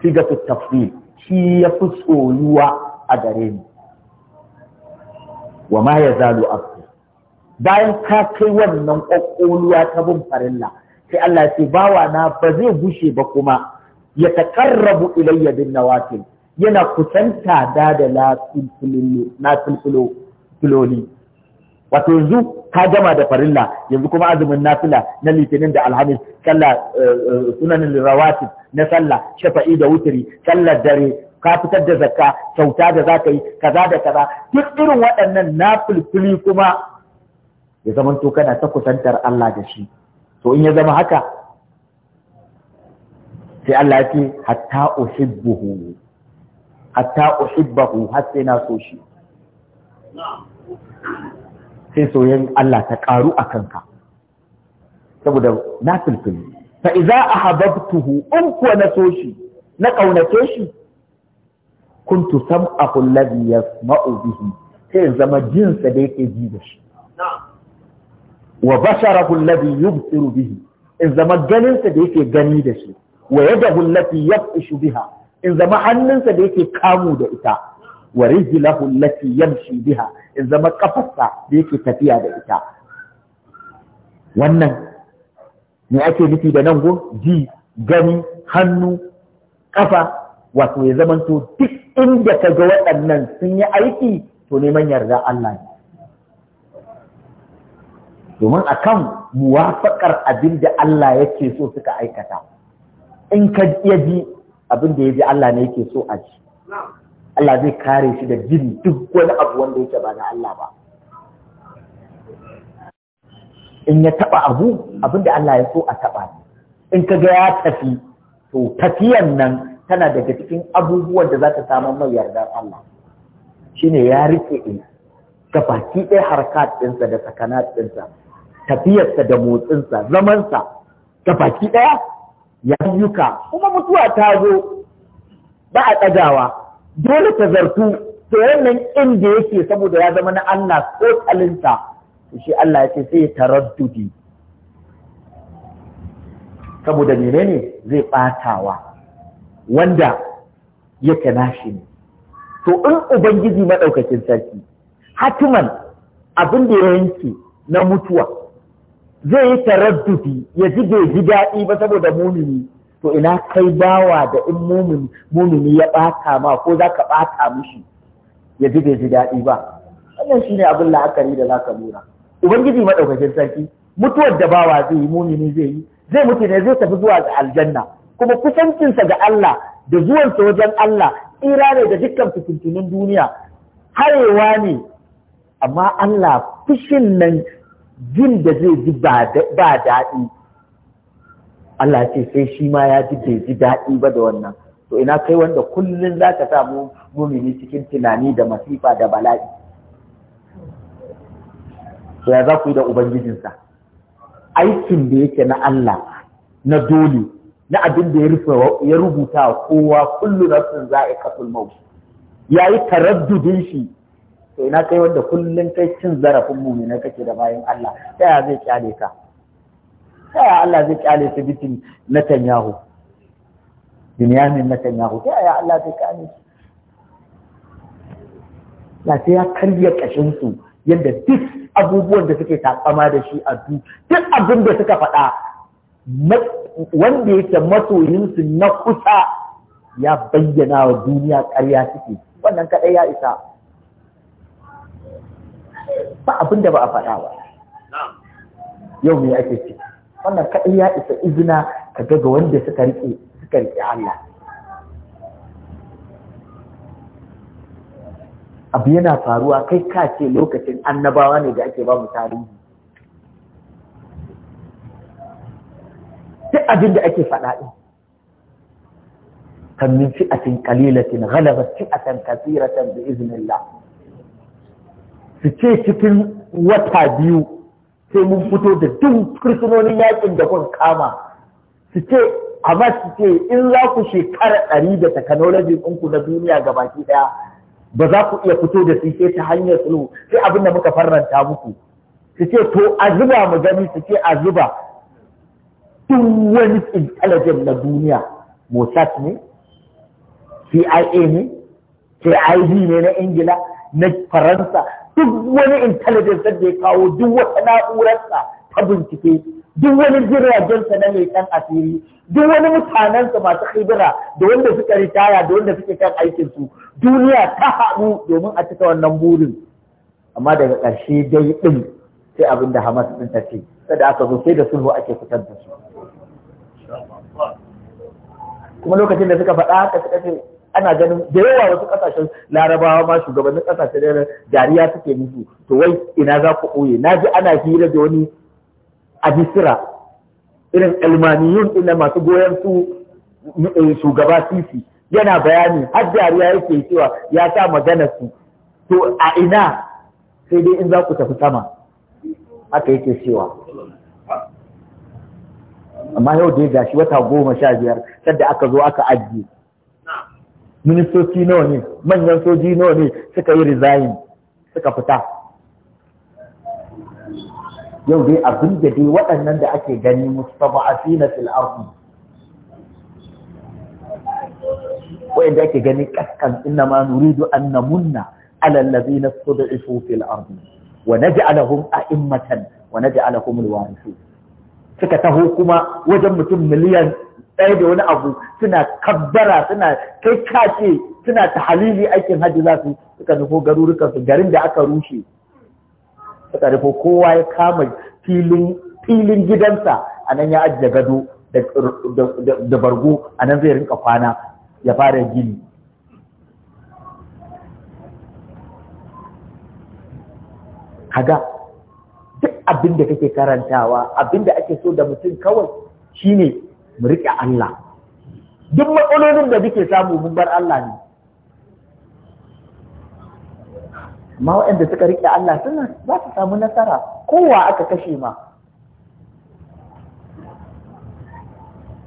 sigatu tafsir shi ya fi tsoyuwa a gare ni wa ma ya zalu abu bayan ka kai wannan ƙwaƙƙoluwa ta bin farilla sai Allah ce bawa na ba zai gushe ba kuma ya taƙarrabu ilayya bin nawafil yana kusanta da da na filfiloli wato yanzu ka gama da farilla yanzu kuma azumin nafila na litinin da alhamis sallah eh, eh, sunanin rawatib na sallah shafa'i da wuturi, sallar dare ka fitar da zakka kyauta da za ka yi kaza da kaza duk irin waɗannan nafilfili kuma ya zama to kana ta kusantar Allah da shi to in ya zama haka sai Allah ya ce hatta uhibbuhu hatta uhibbahu har sai na so shi sai soyayyar Allah ta karu a kanka saboda na filfili fa idza ahabbtuhu in kuwa na so shi na kaunace shi kuntu sam'ahu alladhi yasma'u bihi sai zama jinsa da yake ji da shi wa basharahu alladhi yubsiru bihi in zama ganinsa da yake gani da shi wa yadahu allati yabtishu biha in zama hannunsa da yake kamu da ita wa rijlahu allati yamshi biha in zama kafarsa da yake tafiya da ita wannan me ake nufi da nan go ji gani hannu kafa wato ya zama to duk inda ka ga waɗannan sun yi aiki to neman yarda Allah ne domin akan muwafakar abin da Allah yake so suka aikata in ka iya ji abin da ya ji Allah ne yake so a ji Allah zai kare shi da jin duk wani abu wanda yake ba na Allah ba in ya taɓa abu abinda Allah ya so a taɓa, in ka ga ya tafi to tafiyan nan tana daga cikin abubuwan da za ta samu mai yardar Allah ne ya rike ga baki ɗaya harkat ɗinsa da sakana ɗinsa tafiyarsa da motsinsa zamansa baki ɗaya ya yuka kuma mutuwa ta zo ba a ɗagawa dole ta zartu to wannan inda yake saboda ya zama na Allah ko to shi Allah ya ce sai taraddudi saboda menene zai batawa wanda yake nashi ne to in ubangiji madaukakin sarki hatiman abin da ya yanke na mutuwa zai yi taraddudi ya ji bai ji daɗi ba saboda mumini to ina kai bawa da in mumini ya bata ma ko za ka ɓata mishi ya ji bai daɗi ba wannan shi ne abin la'akari da za ka lura ubangiji maɗaukakin sarki mutuwar da bawa zai yi mumini zai yi zai mutu ne zai tafi zuwa ga aljanna kuma kusancinsa ga Allah da zuwansa wajen Allah tsira ne da dukkan fitintunin duniya harewa ne amma Allah fushin nan jin da zai ji ba daɗi Allah ce sai shi ma ya ji bai ji daɗi ba da wannan to ina kai wanda kullum za ka samu mumini cikin tunani da masifa da bala'i to ya za ku yi da ubangijinsa aikin da yake na Allah na dole na abin da ya rubuta kowa kullu nafsin za'iqatul ya yi taraddudin shi to ina kai wanda kullum kai cin zarafin mu'mina kake da bayan Allah ta ya zai kyale ka ta Allah zai kyale su bitin Netanyahu Binyamin Netanyahu ta ya Allah zai kyale su ya sai ya karya kashin su yadda duk abubuwan da suke takama da shi a duk duk abin da suka faɗa wanda yake masoyinsu na kusa ya bayyana wa duniya ƙarya suke wannan kaɗai ya isa ba abin da ba a faɗa ba yau me ake ciki wannan kaɗai ya isa izina ka ga wanda suka riƙe suka riƙe Allah abu yana faruwa kai ka ce lokacin annabawa ne da ake ba mu tarihi duk abin da ake faɗa ɗin kan min fi'atin qalilatin ghalabat fi'atan kathiratan bi iznillah su ce cikin wata biyu sai mun fito da duk kristinonin yakin da kun kama su ce amma su ce in za ku shekara ɗari da technology ɗinku na duniya ga baki ɗaya ba za ku iya fito da su ta hanyar sulhu sai abin da muka farranta muku su ce to a zuba mu gani su ce a zuba duk wani intelligent na duniya mossad ne cia ne cid ne na ingila na faransa duk wani intelligence da ya kawo duk wata na'urarsa ta bincike duk wani jiragensa na mai kan asiri duk wani mutanensa masu khibira da wanda suka ritaya da wanda suke kan aikinsu duniya ta haɗu domin a cika wannan burin amma daga ƙarshe dai ɗin sai abin da Hamas ɗin ta ce sada aka zo sai da sulhu ake fitar da su kuma lokacin da suka faɗa haka suka ce ana ganin da yawa wasu kasashen larabawa ma shugabannin kasashen dariya suke musu to wai ina za ku ɓoye na ji ana hira da wani abisira, irin almaniyun ina masu goyon su eh, shugaba sisi yana bayani har dariya yake cewa ya sa magana su to a ina sai dai in za ku tafi sama haka yake cewa amma yau dai gashi wata goma sha biyar sadda aka zo aka ajiye ministoci nawa ne manyan soji nawa ne suka yi rizayin suka fita yau dai abin da dai waɗannan da ake gani mustaba'afina fil ardi wa'inda ake gani kaskan inna ma nuridu an namunna ala allazina stud'ifu fil ardi wa naj'alahum a'immatan wa naj'alahum alwarithin suka taho kuma wajen mutum miliyan ɗaya da wani abu suna kabbara suna kai kace suna ta halili aikin hajji za su suka nufo garurukan su garin da aka rushe suka nufo kowa ya kama filin gidansa a nan ya ajiye gado da bargo a nan zai rinka kwana ya fara gini kaga duk abin da kake karantawa abin da ake so da mutum kawai shine mu riƙe Allah duk matsalolin da muke samu mun bar Allah ne amma waɗanda suka riƙe Allah suna za su samu nasara kowa aka kashe ma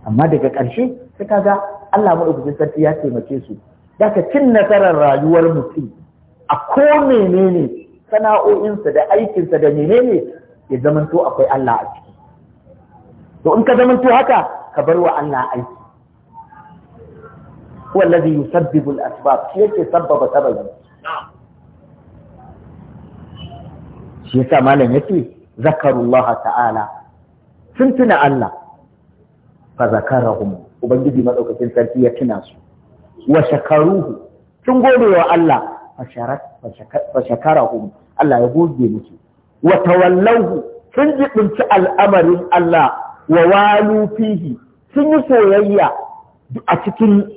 amma daga ƙarshe suka ga Allah maɗaukakin sarki ya taimake su daga cin nasarar rayuwar mutum a ko menene sana'o'insa da aikinsa da menene ya zamanto akwai Allah a ciki to in ka zamanto haka ka bar wa Allah aiki wallazi yusabbibu al-asbab shi yake sabbaba sababi shi yasa malam yake zakarullaha ta'ala sun tuna Allah fa zakarahum ubangiji madaukakin sarki ya tuna su wa shakaruhu sun gode wa Allah fa shakarahum Allah ya gode musu wa tawallahu sun jibinci al'amarin Allah wa walu fihi sun yi soyayya a cikin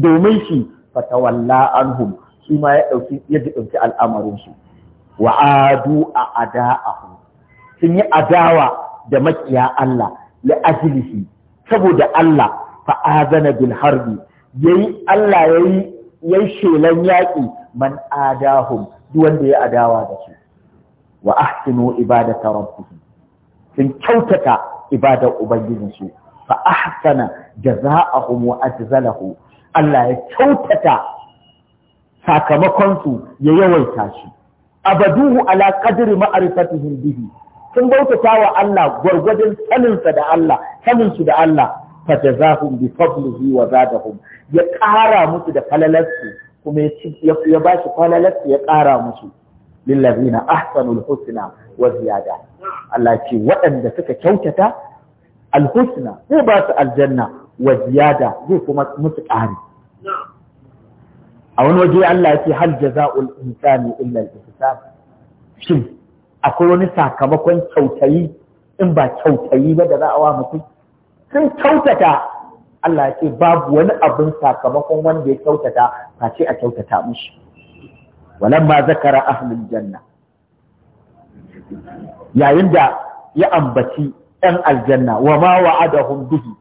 domin shi fatawalla anhum shi ma ya ɗauki ya dauki al'amarin su wa adu a ada'ahu sun yi adawa da makiya Allah li ajlihi saboda Allah fa azana bil harbi yayi Allah yayi yayi shelan yaki man adahum duk wanda ya adawa da su wa ahsinu ibadata rabbihim sun kyautata ibadar ubangijinsu fa ahsana jaza'ahum wa ajzalahu Allah ya kyautata sakamakonsu ya yawaita shi abaduhu ala qadri ma'rifatihim bihi sun bautata wa Allah gwargwadon saninsa da Allah saninsu da Allah fa jazahum bi fadlihi wa zadahum ya ƙara musu da falalarsu kuma ya ba shi falalarsu ya ƙara musu lillazina ahsanul husna wa ziyada Allah ce waɗanda suka kyautata alhusna zai basu aljanna wa ziyada zai kuma musu ƙari a wani waje Allah ya ce hal jaza'ul insani illa al shin akwai wani sakamakon kyautayi in ba kyautayi ba da za a wa mutum sai kyautata Allah ya ce babu wani abin sakamakon wanda ya kyautata ba ce a kyautata mishi walamma zakara ahlul janna yayin da ya ambaci ‘yan aljanna wa ma wa'adahum bihi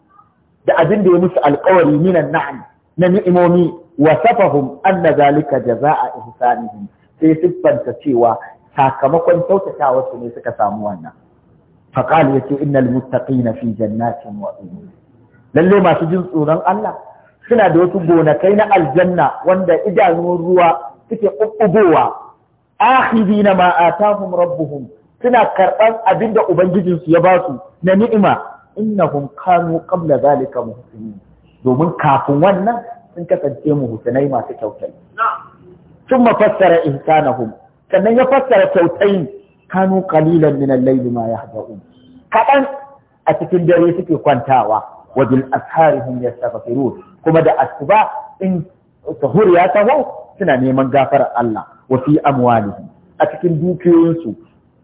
da abin da ya musu alkawari minan na'am na ni'imomi wa safahum na zalika a ihsanihim sai siffanta cewa sakamakon kyautata wasu ne suka samu wannan faqal yace innal muttaqina fi jannatin wa lalle masu jin tsoron Allah suna da wasu gonakai na aljanna wanda idanun ruwa suke ƙuɓɓugowa akhidina ma atahum rabbuhum suna karɓar abinda da Ubangijinsu ya ba su na ni'ima innahum kanu qabla zalika muhsinin domin kafin wannan sun kasance muhsinai masu kyautai sun mafassara insanahum sannan ya fassara kyautai kanu qalilan min al-layli ma yahdaun kaɗan a cikin dare suke kwantawa wa bil asharihim yastaghfirun kuma da asuba in ya taho suna neman gafar Allah wa fi amwalihim a cikin dukiyoyinsu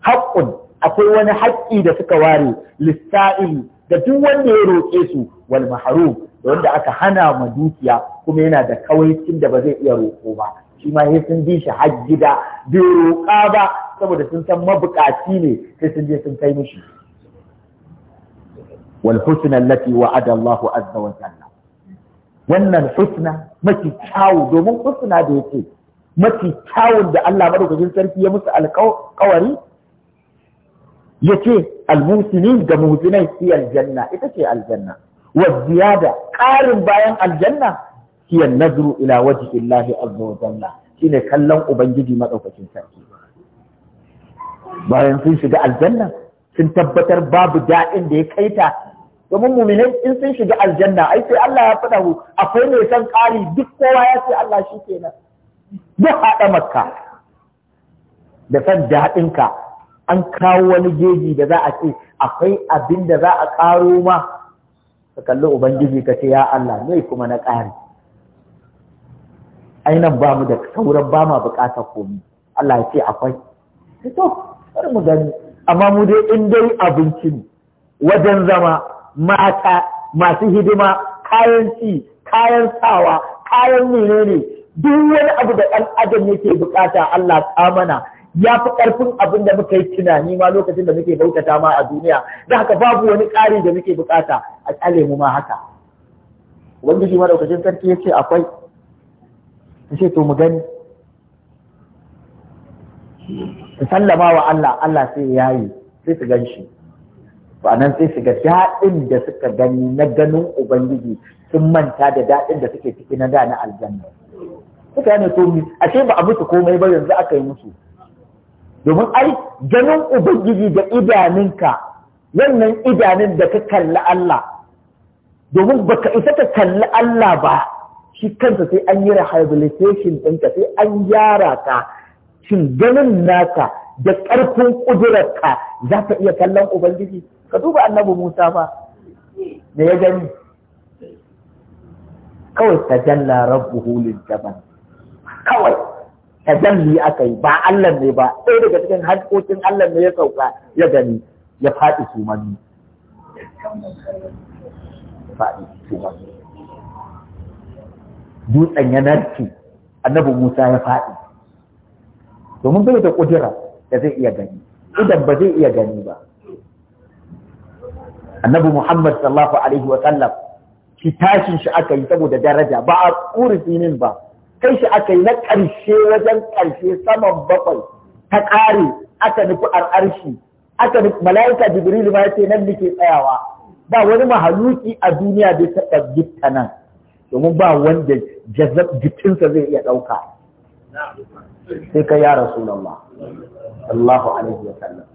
haƙƙun akwai wani haƙƙi da suka ware lissa'il da duk wanda ya roƙe su wal maharum. da wanda aka hana ma dukiya kuma yana da kawaicin da ba zai iya roƙo ba shi ma sai sun bi shi har gida bai roƙa ba saboda sun san mabukaci ne sai sun je sun kai mishi wal husna allati wa'ada Allahu azza wa jalla wannan husna mafi kyawu domin husna da yake mafi kyawun da Allah madaukakin sarki ya musu alƙawari yace ce muslimin ga muhsinai fi aljanna ita ce aljanna wa ziyada ƙarin bayan aljanna hiya nazru ila wajhi Allah azza wa jalla shine kallon ubangiji madaukakin sarki bayan sun shiga aljanna sun tabbatar babu daɗin da ya kaita domin muminai in sun shiga aljanna ai sai Allah ya faɗa mu. akwai mai san ƙari duk kowa ya ce Allah shi kenan duk haɗa makka da san ka. an kawo wani geji da za a ce akwai abin da za a ƙaro ma ka kalli ubangiji ka ce ya Allah ne kuma na ƙari ainihin ba mu da sauran ba ma buƙatar komi Allah ya ce akwai to bari mu gani amma mu dai in dai abinci wajen zama mata masu hidima kayan ci kayan sawa kayan menene duk wani abu da ɗan adam yake bukata Allah mana. ya fi ƙarfin abin da muka yi tunani ma lokacin da muke bautata ma a duniya da haka babu wani ƙari da muke bukata a tsale mu ma haka shi maɗaukacin sarki ya ce akwai ya ce to mu gani su sallama wa Allah Allah sai ya yi sai su gan shi nan sai su ga daɗin da suka gani na ganin ubangiji sun manta da daɗin da suke ciki na da na aljanna suka yana to ashe ba a musu komai ba yanzu aka yi musu domin ai ganin ubangiji da idanunka wannan idanun da ka kalli Allah domin baka isa ka kalli Allah ba shi kansa sai an yi rehabilitation ɗinka sai an gyara ka shin ganin naka da ƙarfin ƙudurarka za ka iya kallon ubangiji ka duba annabi musa ba. me ya gani kawai jalla rabbuhu lil kawai Ka janni aka yi ba Allah ne ba ɗaya daga cikin haƙoƙin Allah ne ya sauka ya gani ya faɗi sumanni faɗi sumanni dutsen ya narke annabi Musa ya faɗi domin bai da ƙudura da zai iya gani idan ba zai iya gani ba annabi Muhammad sallallahu alaihi wa sallam shi tashin shi aka yi saboda daraja ba a ƙuri ba kai shi aka yi na ƙarshe wajen ƙarshe saman bakwai ta ƙare aka nufi al'arshi aka nufi mala'ika jibril ma yace nan nake tsayawa ba wani mahaluki a duniya bai taɓa gitta nan domin ba wanda jazab jikinsa zai iya ɗauka sai ka ya rasulullah Allahu alaihi wa sallam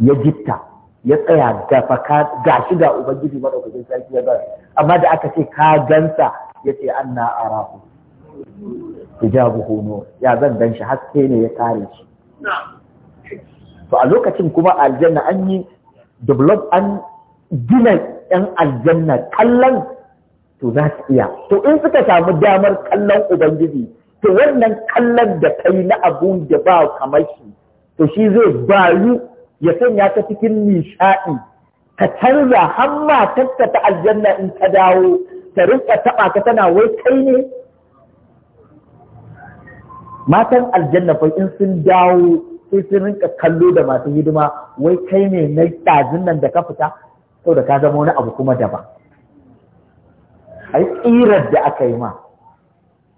ya gitta ya tsaya gafaka gashi da ubangiji madaukakin sarki ya bar amma da aka ce ka gansa yace anna arahu hijabu huno ya zan dan shi haske ne ya kare shi to a lokacin kuma aljanna an yi develop an gina yan aljanna kallon to za su iya to in suka samu damar kallon ubangiji to wannan kallon da kai na abun da ba kamar shi to shi zai bayu ya sanya ta cikin nishaɗi ka canza hamma ta aljanna in ka dawo ta rinka taɓa ka tana wai kai ne matan aljanna fa in sun dawo sai sun rinka kallo da masu hidima wai kai ne na ɗazin nan da ka fita da ka zama wani abu kuma daban ai tsirar da aka yi ma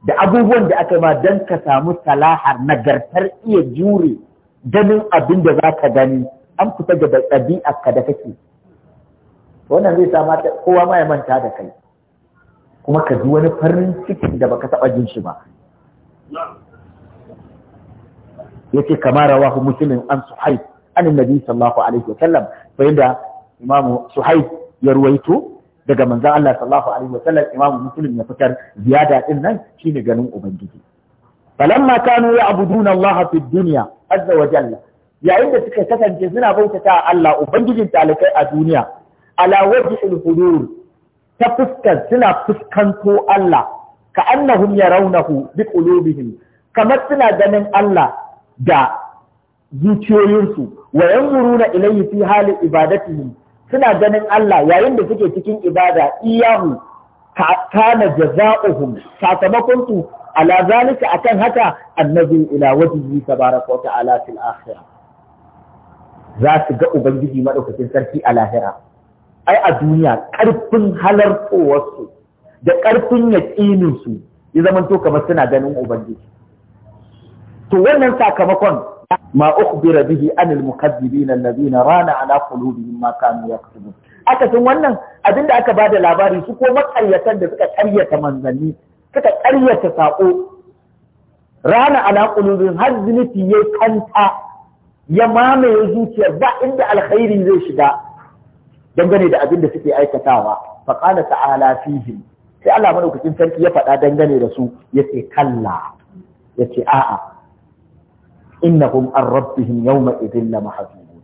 da abubuwan da aka yi ma don ka samu salahar nagartar iya jure ganin abin da za ka gani an fita da ɗabi'ar ka da kake wannan zai sa kowa ma ya manta da kai kuma ka ji wani farin cikin da baka taɓa jin shi ba yace kama rawahu muslim an suhaib an nabi sallallahu alaihi wa sallam fa yadda imam ya ruwaito daga manzon Allah sallallahu alaihi wa sallam imam muslim ya fitar ziyada din nan shine ganin ubangiji falamma kanu ya'buduna Allah fi dunya azza wa jalla yayin da suka kasance suna bautata a Allah ubangijin talakai a duniya ala wajhil hudur ta fuskar suna fuskanto Allah ka annahum yarawnahu bi qulubihim kamar suna ganin Allah da zuciyoyinsu wa na ilayhi fi hali ibadatihim suna ganin Allah yayin da suke cikin ibada iyahu kana jaza'uhum sakamakon su ala zalika akan haka annabi ila wajhi tabaraka wa ta'ala fil akhirah za su ga ubangiji madaukakin sarki a lahira ai a duniya karfin halartowarsu da karfin yaƙinin su ya zamanto kamar suna ganin ubangiji to wannan sakamakon ma ukhbira bihi anil mukaththibina alladhina rana ala qulubihim ma kanu yaktubun akasin wannan abinda aka bada labari su ko da suka karyata manzanni suka karyata sako rana ala qulubihim har zunubi yayi kanta ya mamaye zuciyar. ba inda alkhairi zai shiga dangane da abinda suke aikatawa fa qala ta'ala fihim sai Allah madaukakin sarki ya faɗa dangane da su yace kalla yace a'a innahum an rabbihim yawma idin la mahzubun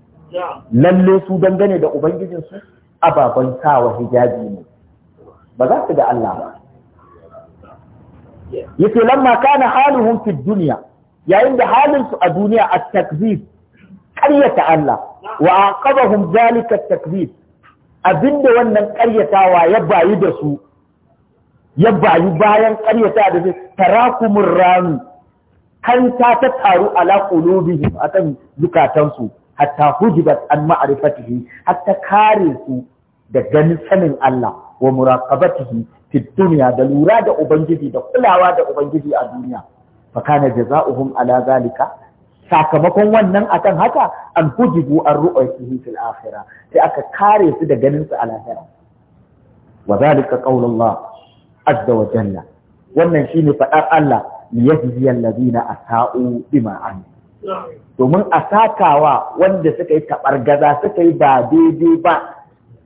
lalle su dangane da ubangijin su ababan sawa hijabi ne ba za su ga Allah ba yace lamma kana haluhum fi dunya yayin da halin su a duniya at-takzib ƙaryata Allah wa aqabahum zalika at-takzib abinda wannan ƙaryatawa ya bayu da su ya bayu bayan ƙaryata da su tarakumur rami hanta ta taru ala qulubihim akan zukatansu hatta hujibat an ma'rifatihi hatta kare su da ganin sanin Allah wa muraqabatihi fi dunya da lura da ubangiji da kulawa da ubangiji a duniya fa kana jazaohum ala zalika sakamakon wannan akan haka an hujibu an ru'aytihi fil akhirah sai aka kare su da ganin su a lahira wa zalika qaulullah azza wa jalla wannan shine fadar Allah liyajzi lazina asa'u bima amilu domin a sakawa wanda suka yi gaza suka yi ba daidai ba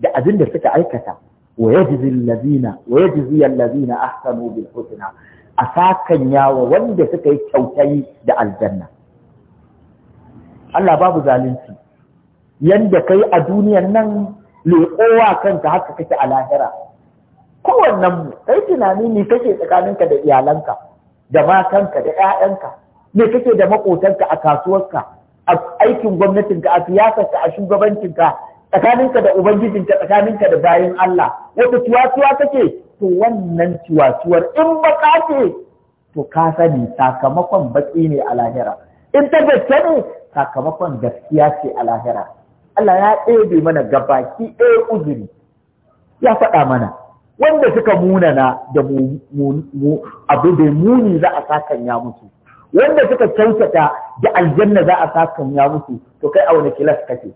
da abin da suka aikata wa yajzi allazina wa ahsanu bil husna a sakan yawa wanda suka yi kyautai da aljanna Allah babu zalunci yanda kai a duniyar nan leƙowa kanka haka kake a lahira kowannen mu sai tunani ne kake tsakaninka da iyalanka da matanka da 'ya'yanka me kake da makotanka a kasuwarka a aikin gwamnatinka a siyasarka a shugabancinka tsakaninka da ubangijinka tsakaninka da bayan Allah wata tuwatuwa kake to wannan tuwatuwar in baka ce to ka sani sakamakon baki ne a lahira in ta gaske ne sakamakon gaskiya ce a lahira Allah ya ɗebe mana gabaki ɗaya uzuri ya faɗa mana wanda suka munana da abu bai muni za a sakanya musu wanda suka kyautata da aljanna za a sakanya mutu, to kai a wani kilas kake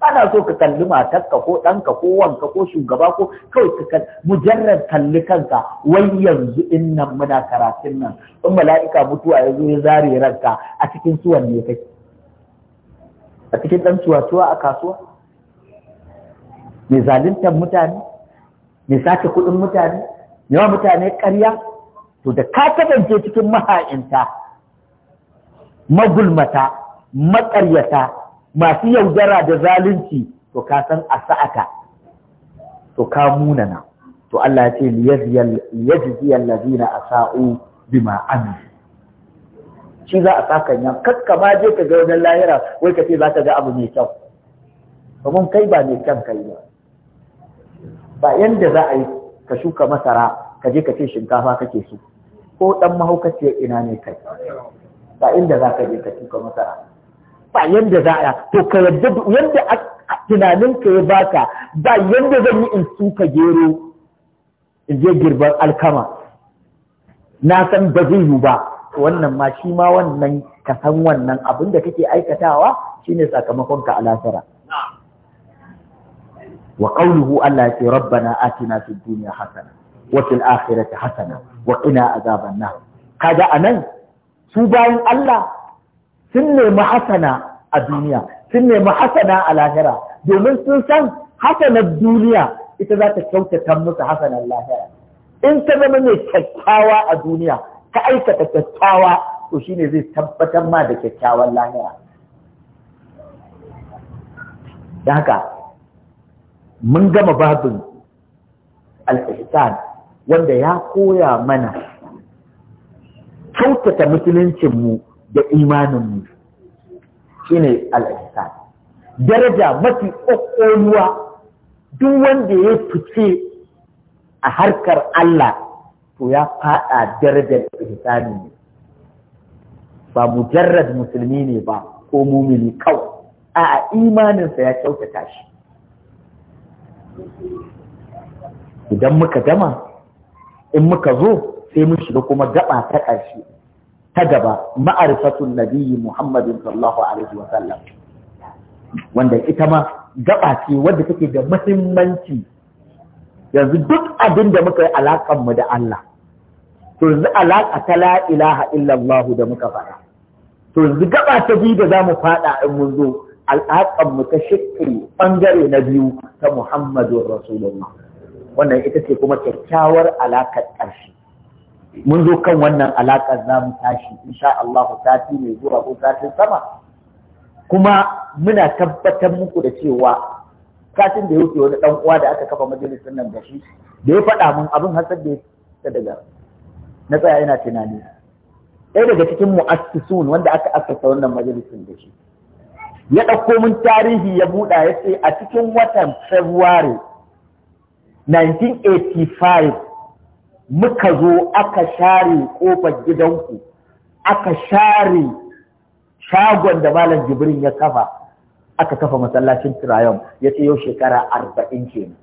ana so ka kalli matarka ko ɗanka ko wanka ko shugaba ko kawai ka mujarrar kalli kanka wai yanzu in nan muna karatun nan in mala'ika mutuwa ya zo ya zare ranka a cikin suwan ne kake a cikin ɗan cuwa a kasuwa mai zaluntar mutane mai sace kuɗin mutane yawa mutane karya? to da ka kasance cikin maha'inta magulmata maƙaryata masu yaudara da zalunci to ka san a sa'ata to ka munana to Allah ya ce liyajziyal ladina asa'u bima amilu shi za a saka yan kakka ma je ka ga wajen lahira wai ka ce za ka ga abu mai kyau domin kai ba mai kyan kai ba ba yanda za a yi ka shuka masara ka je ka ce shinkafa kake so ko dan mahaukaciyar ina ne kai ba inda za ka je ka shuka masara ba yanda za a to ka yadda yanda tunanin ka ya baka ba yanda zan yi in shuka gero in je girban alkama na san ba zai yi ba wannan ma shi ma wannan ka san wannan abin da kake aikatawa shine sakamakon ka a wa qawluhu Allah yake rabbana atina fid dunya hasana wa fil akhirati hasana wa qina azaban nar kaga anan su bayan Allah sun nemi hasana a duniya sun nemi hasana a lahira domin sun san hasanar duniya ita za ta kyautata musu hasanar lahira in ta zama mai kyakkyawa a duniya ka aikata kyakkyawa to ne zai tabbatar ma da kyakkyawan lahira da haka mun gama babin al-ihsan wanda ya koya mana kyautata mu da imanin mu, shine al-ihsan daraja mafi ƙwaƙwaluwa duk wanda ya fice a harkar Allah to ya faɗa darajar ihsani ne ba mujarrad musulmi ne ba ko mumini kawai a imaninsa ya kyautata shi idan muka gama in muka zo sai mun shiga kuma gaba ta ƙarshe ta gaba ma'arifatun nabiyyi muhammadin sallallahu alaihi wa sallam wanda ita ma gaba ce wadda take da muhimmanci yanzu duk abin da muka yi alaƙan mu da Allah to yanzu alaƙa ta la ilaha illallah da muka fara, to yanzu gaba ta biyu da zamu faɗa in mun zo al'aƙan mu ta shikri ɓangare na biyu ta Muhammadun Rasulullah. Wannan ita ce kuma kyakkyawar alaƙar ƙarshe. Mun zo kan wannan alaƙar za mu tashi, insha Allah fi mai zuwa ko satin sama. Kuma muna tabbatar muku da cewa satin da yake wani ɗan uwa da aka kafa majalisar nan da shi, da ya faɗa mun abin hasar da ya daga na tsaya yana tunani. Ɗaya daga cikin mu'assisun wanda aka asasa wannan majalisar da shi. ya ɗauko mun tarihi ya buɗa ya ce a cikin watan February 1985 muka zo aka share ƙofar gidanku aka share shagon da Malam Jibrin ya kafa aka kafa masallacin Tirayon ya ce yau shekara arba'in kenan.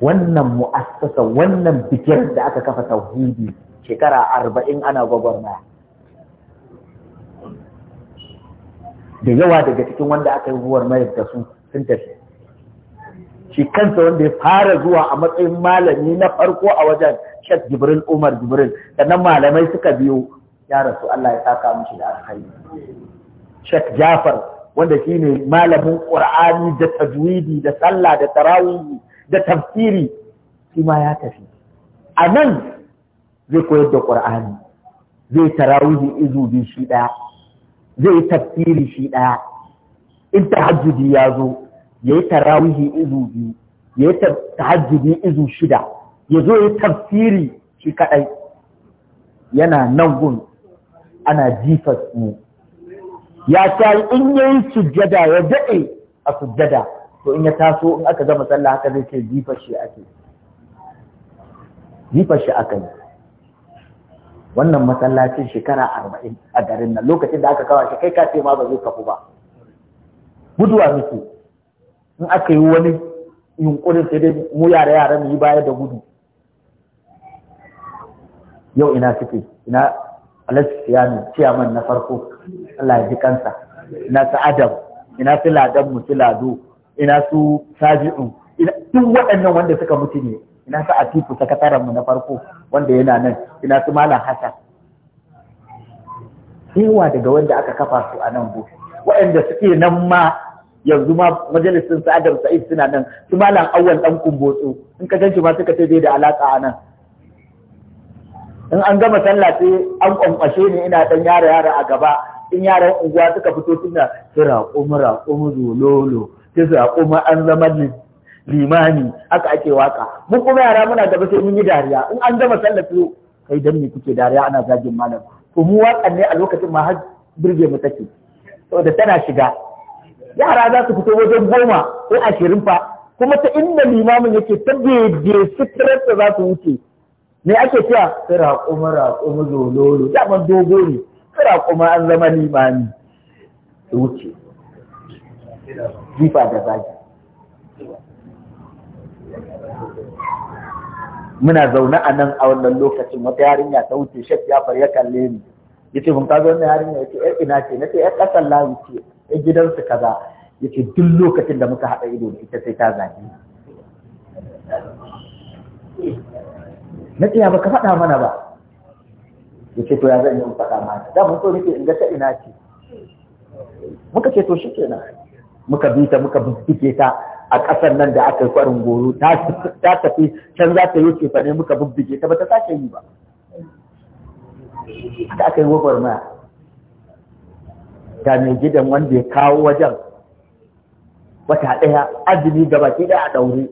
Wannan mu'assasa wannan bikin da aka kafa tauhidi shekara arba'in ana gwagwarmaya. da yawa daga cikin wanda aka yi ruwar mayar da su sun tafi shi kansa wanda ya fara zuwa a matsayin malami na farko a wajen Sheikh Jibril Umar Jibril sannan malamai suka biyo ya rasu Allah ya saka mishi da alkhairi Sheikh Jafar wanda shine malamin ƙur'ani da tajwidi da sallah da tarawihi da tafsiri shi ma ya tafi a nan zai koyar da ƙur'ani zai tarawihi izu biyu shi ɗaya zai yi tafsiri shi ɗaya in tahajjudi ya zo ya yi tarawihi izu biyu ya yi tahajjudi izu shida ya zo ya yi tafsiri shi kaɗai yana nan gun ana jifas mu ya sa in ya yi sujjada ya daɗe a sujjada to in ya taso in aka gama sallah haka zai ce jifar shi ake kai. shi aka yi wannan masallacin shekara arba'in a garin nan lokacin da aka kawo shi kai kace ma ba zo kafu ba guduwa muke in aka yi wani yunkurin sai dai mu yare yare mu yi baya da gudu yau ina suke ina alasiyanu ciyaman na farko Allah ya ji kansa ina su adam ina su ladan mu su lado ina su saji'un duk waɗannan wanda suka mutu ne ina su Atiku sakataren mu na farko wanda yana nan ina su Malam Hassan yawa daga wanda aka kafa su a nan bu waɗanda suke nan ma yanzu ma majalisun sa'adar Sa'id suna nan su Malam Awwal dan kumbotso in ka ganci ma suka ce da alaka a nan in an gama sallah sai an ƙwanƙwashe ne ina dan yara yara a gaba in yaran unguwa suka fito suna su raƙumi raƙumi lolo su raƙumi an zama limami aka ake waka mun kuma yara muna gaba sai mun yi dariya in an gama sallah kai dan me kuke dariya ana zagin malam to mu wakan ne a lokacin ma har birge mu take saboda tana shiga yara za su fito wajen goma ko ashirin fa kuma ta inda limamin yake ta daidai sitirar da za su wuce me ake cewa kuma ra kuma zololo ban dogo ne kuma an zama limami su wuce jifa da zagi muna zaune a nan a wannan lokacin wata yarinya ta wuce shek ya far ya kalle ni yace mun kaga wannan yarinya yace yar eh, ina ce nace yar eh, kasan lawi ce gidan eh, gidansu kaza yace duk lokacin da muka haɗa ido da ita sai ta zage na ba baka faɗa mana ba yace to ya zan yi faɗa mana da mun so nake in ga ta ina ce muka ce to shi kenan muka bi ta muka bincike ta a ƙasar nan da aka yi kwarin goro ta tafi can za ta yi ce fane muka bincike ta ba ta sake yi ba da aka yi wabar maya da mai gidan wanda ya kawo wajen wata ɗaya azumi gaba ke da a ɗaure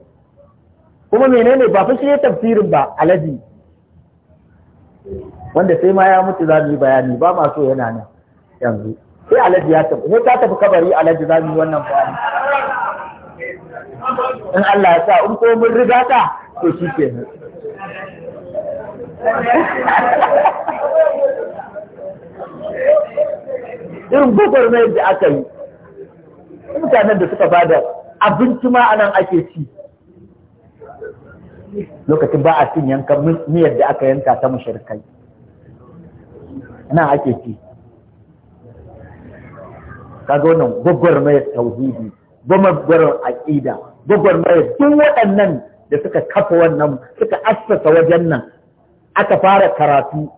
kuma menene ba fi shi ya tafsirin ba alaji wanda sai ma ya mutu za mu yi bayani ba ma so yana nan yanzu sai alhaji ya tafi sai ta tafi kabari alhaji za mu wannan bayani in Allah ya sa in ko mun riga ta to shi ke nan irin na da aka yi mutanen da suka bada abinci ma anan ake ci lokacin ba a cin yankan miyar da aka yanka ta mashirkai nan ake ci kaga wannan gwagwarmayar tauhidi gwagwarmayar aƙida gwagwarmayar duk waɗannan da suka kafa wannan suka assasa wajen nan aka fara karatu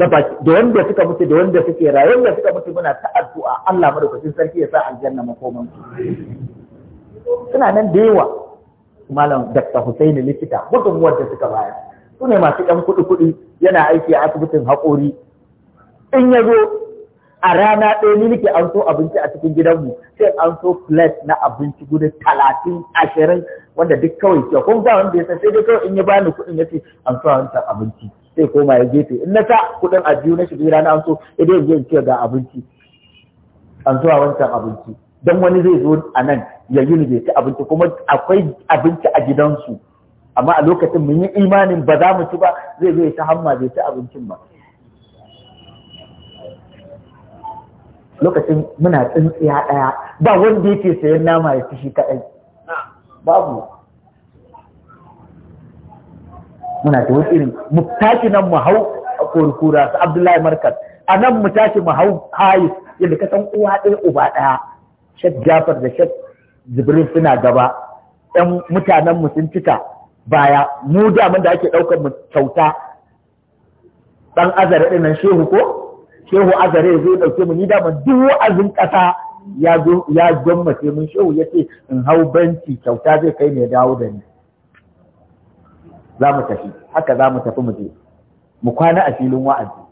da wanda suka mutu da wanda suke rayuwa wanda suka mutu muna ta addu'a Allah madaukakin sarki ya sa aljanna makoman suna nan da yawa malam Dr. Husaini likita gudun wanda suka baya. su ne masu ɗan kuɗi-kuɗi yana aiki a asibitin haƙori in ya zo a rana ɗaya ni nake an so abinci a cikin gidanmu sai an so plate na abinci guda talatin ashirin wanda duk kawai ke kun ba wanda ya sai dai kawai in ya bani kuɗin ya ce an so an abinci sai koma ya gefe in na sa kuɗin a biyu na shiga rana an so idan in ce ga abinci an so abinci dan wani zai zo a nan ya yi bai ci abinci kuma akwai abinci a gidansu amma a lokacin mun yi imanin ba za mu ci ba zai zo ya ta hamma bai ci abincin ba lokacin muna tsintsiya ɗaya ba wanda yake sayan nama ya fi shi kaɗai babu muna da wani irin mu tashi nan mu hau kurkura su abdullahi markaz a nan mu tashi mu hau hayi yadda ka san uwa ɗaya uba ɗaya shek jafar da shek jibril suna gaba yan mutanen mu sun cika baya mu da da ake ɗaukar mu kyauta ɗan azara ɗin nan shehu ko shehu azare zai dauke mu ni da duk wa'azin ƙasa ya gwammace mun shehu ya ce in hau banci kyauta zai kai mai dawo da ni za mu tafi haka za mu tafi mu je mu kwana a filin wa'azi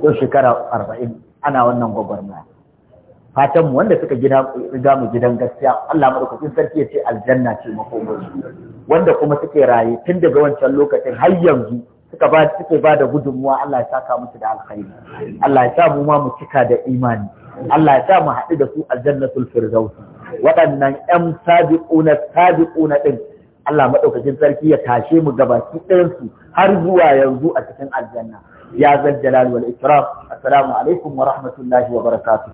ko shekara arba'in ana wannan gwagwarmaya Fatanmu wanda suka gida riga mu gidan gaskiya Allah madaukakin sarki ya ce aljanna ce makomar wanda kuma suke raye tun daga wancan lokacin har yanzu suka ba suke ba da gudunmuwa Allah ya saka musu da alkhairi Allah ya sa mu ma mu cika da imani Allah ya sa mu haɗu da su aljannatul firdaus waɗannan ƴan sabiquna sabiquna din Allah madaukakin sarki ya tashe mu gabaki ɗayan su har zuwa yanzu a cikin aljanna ya zal jalal wal ikram assalamu alaikum wa rahmatullahi wa barakatuh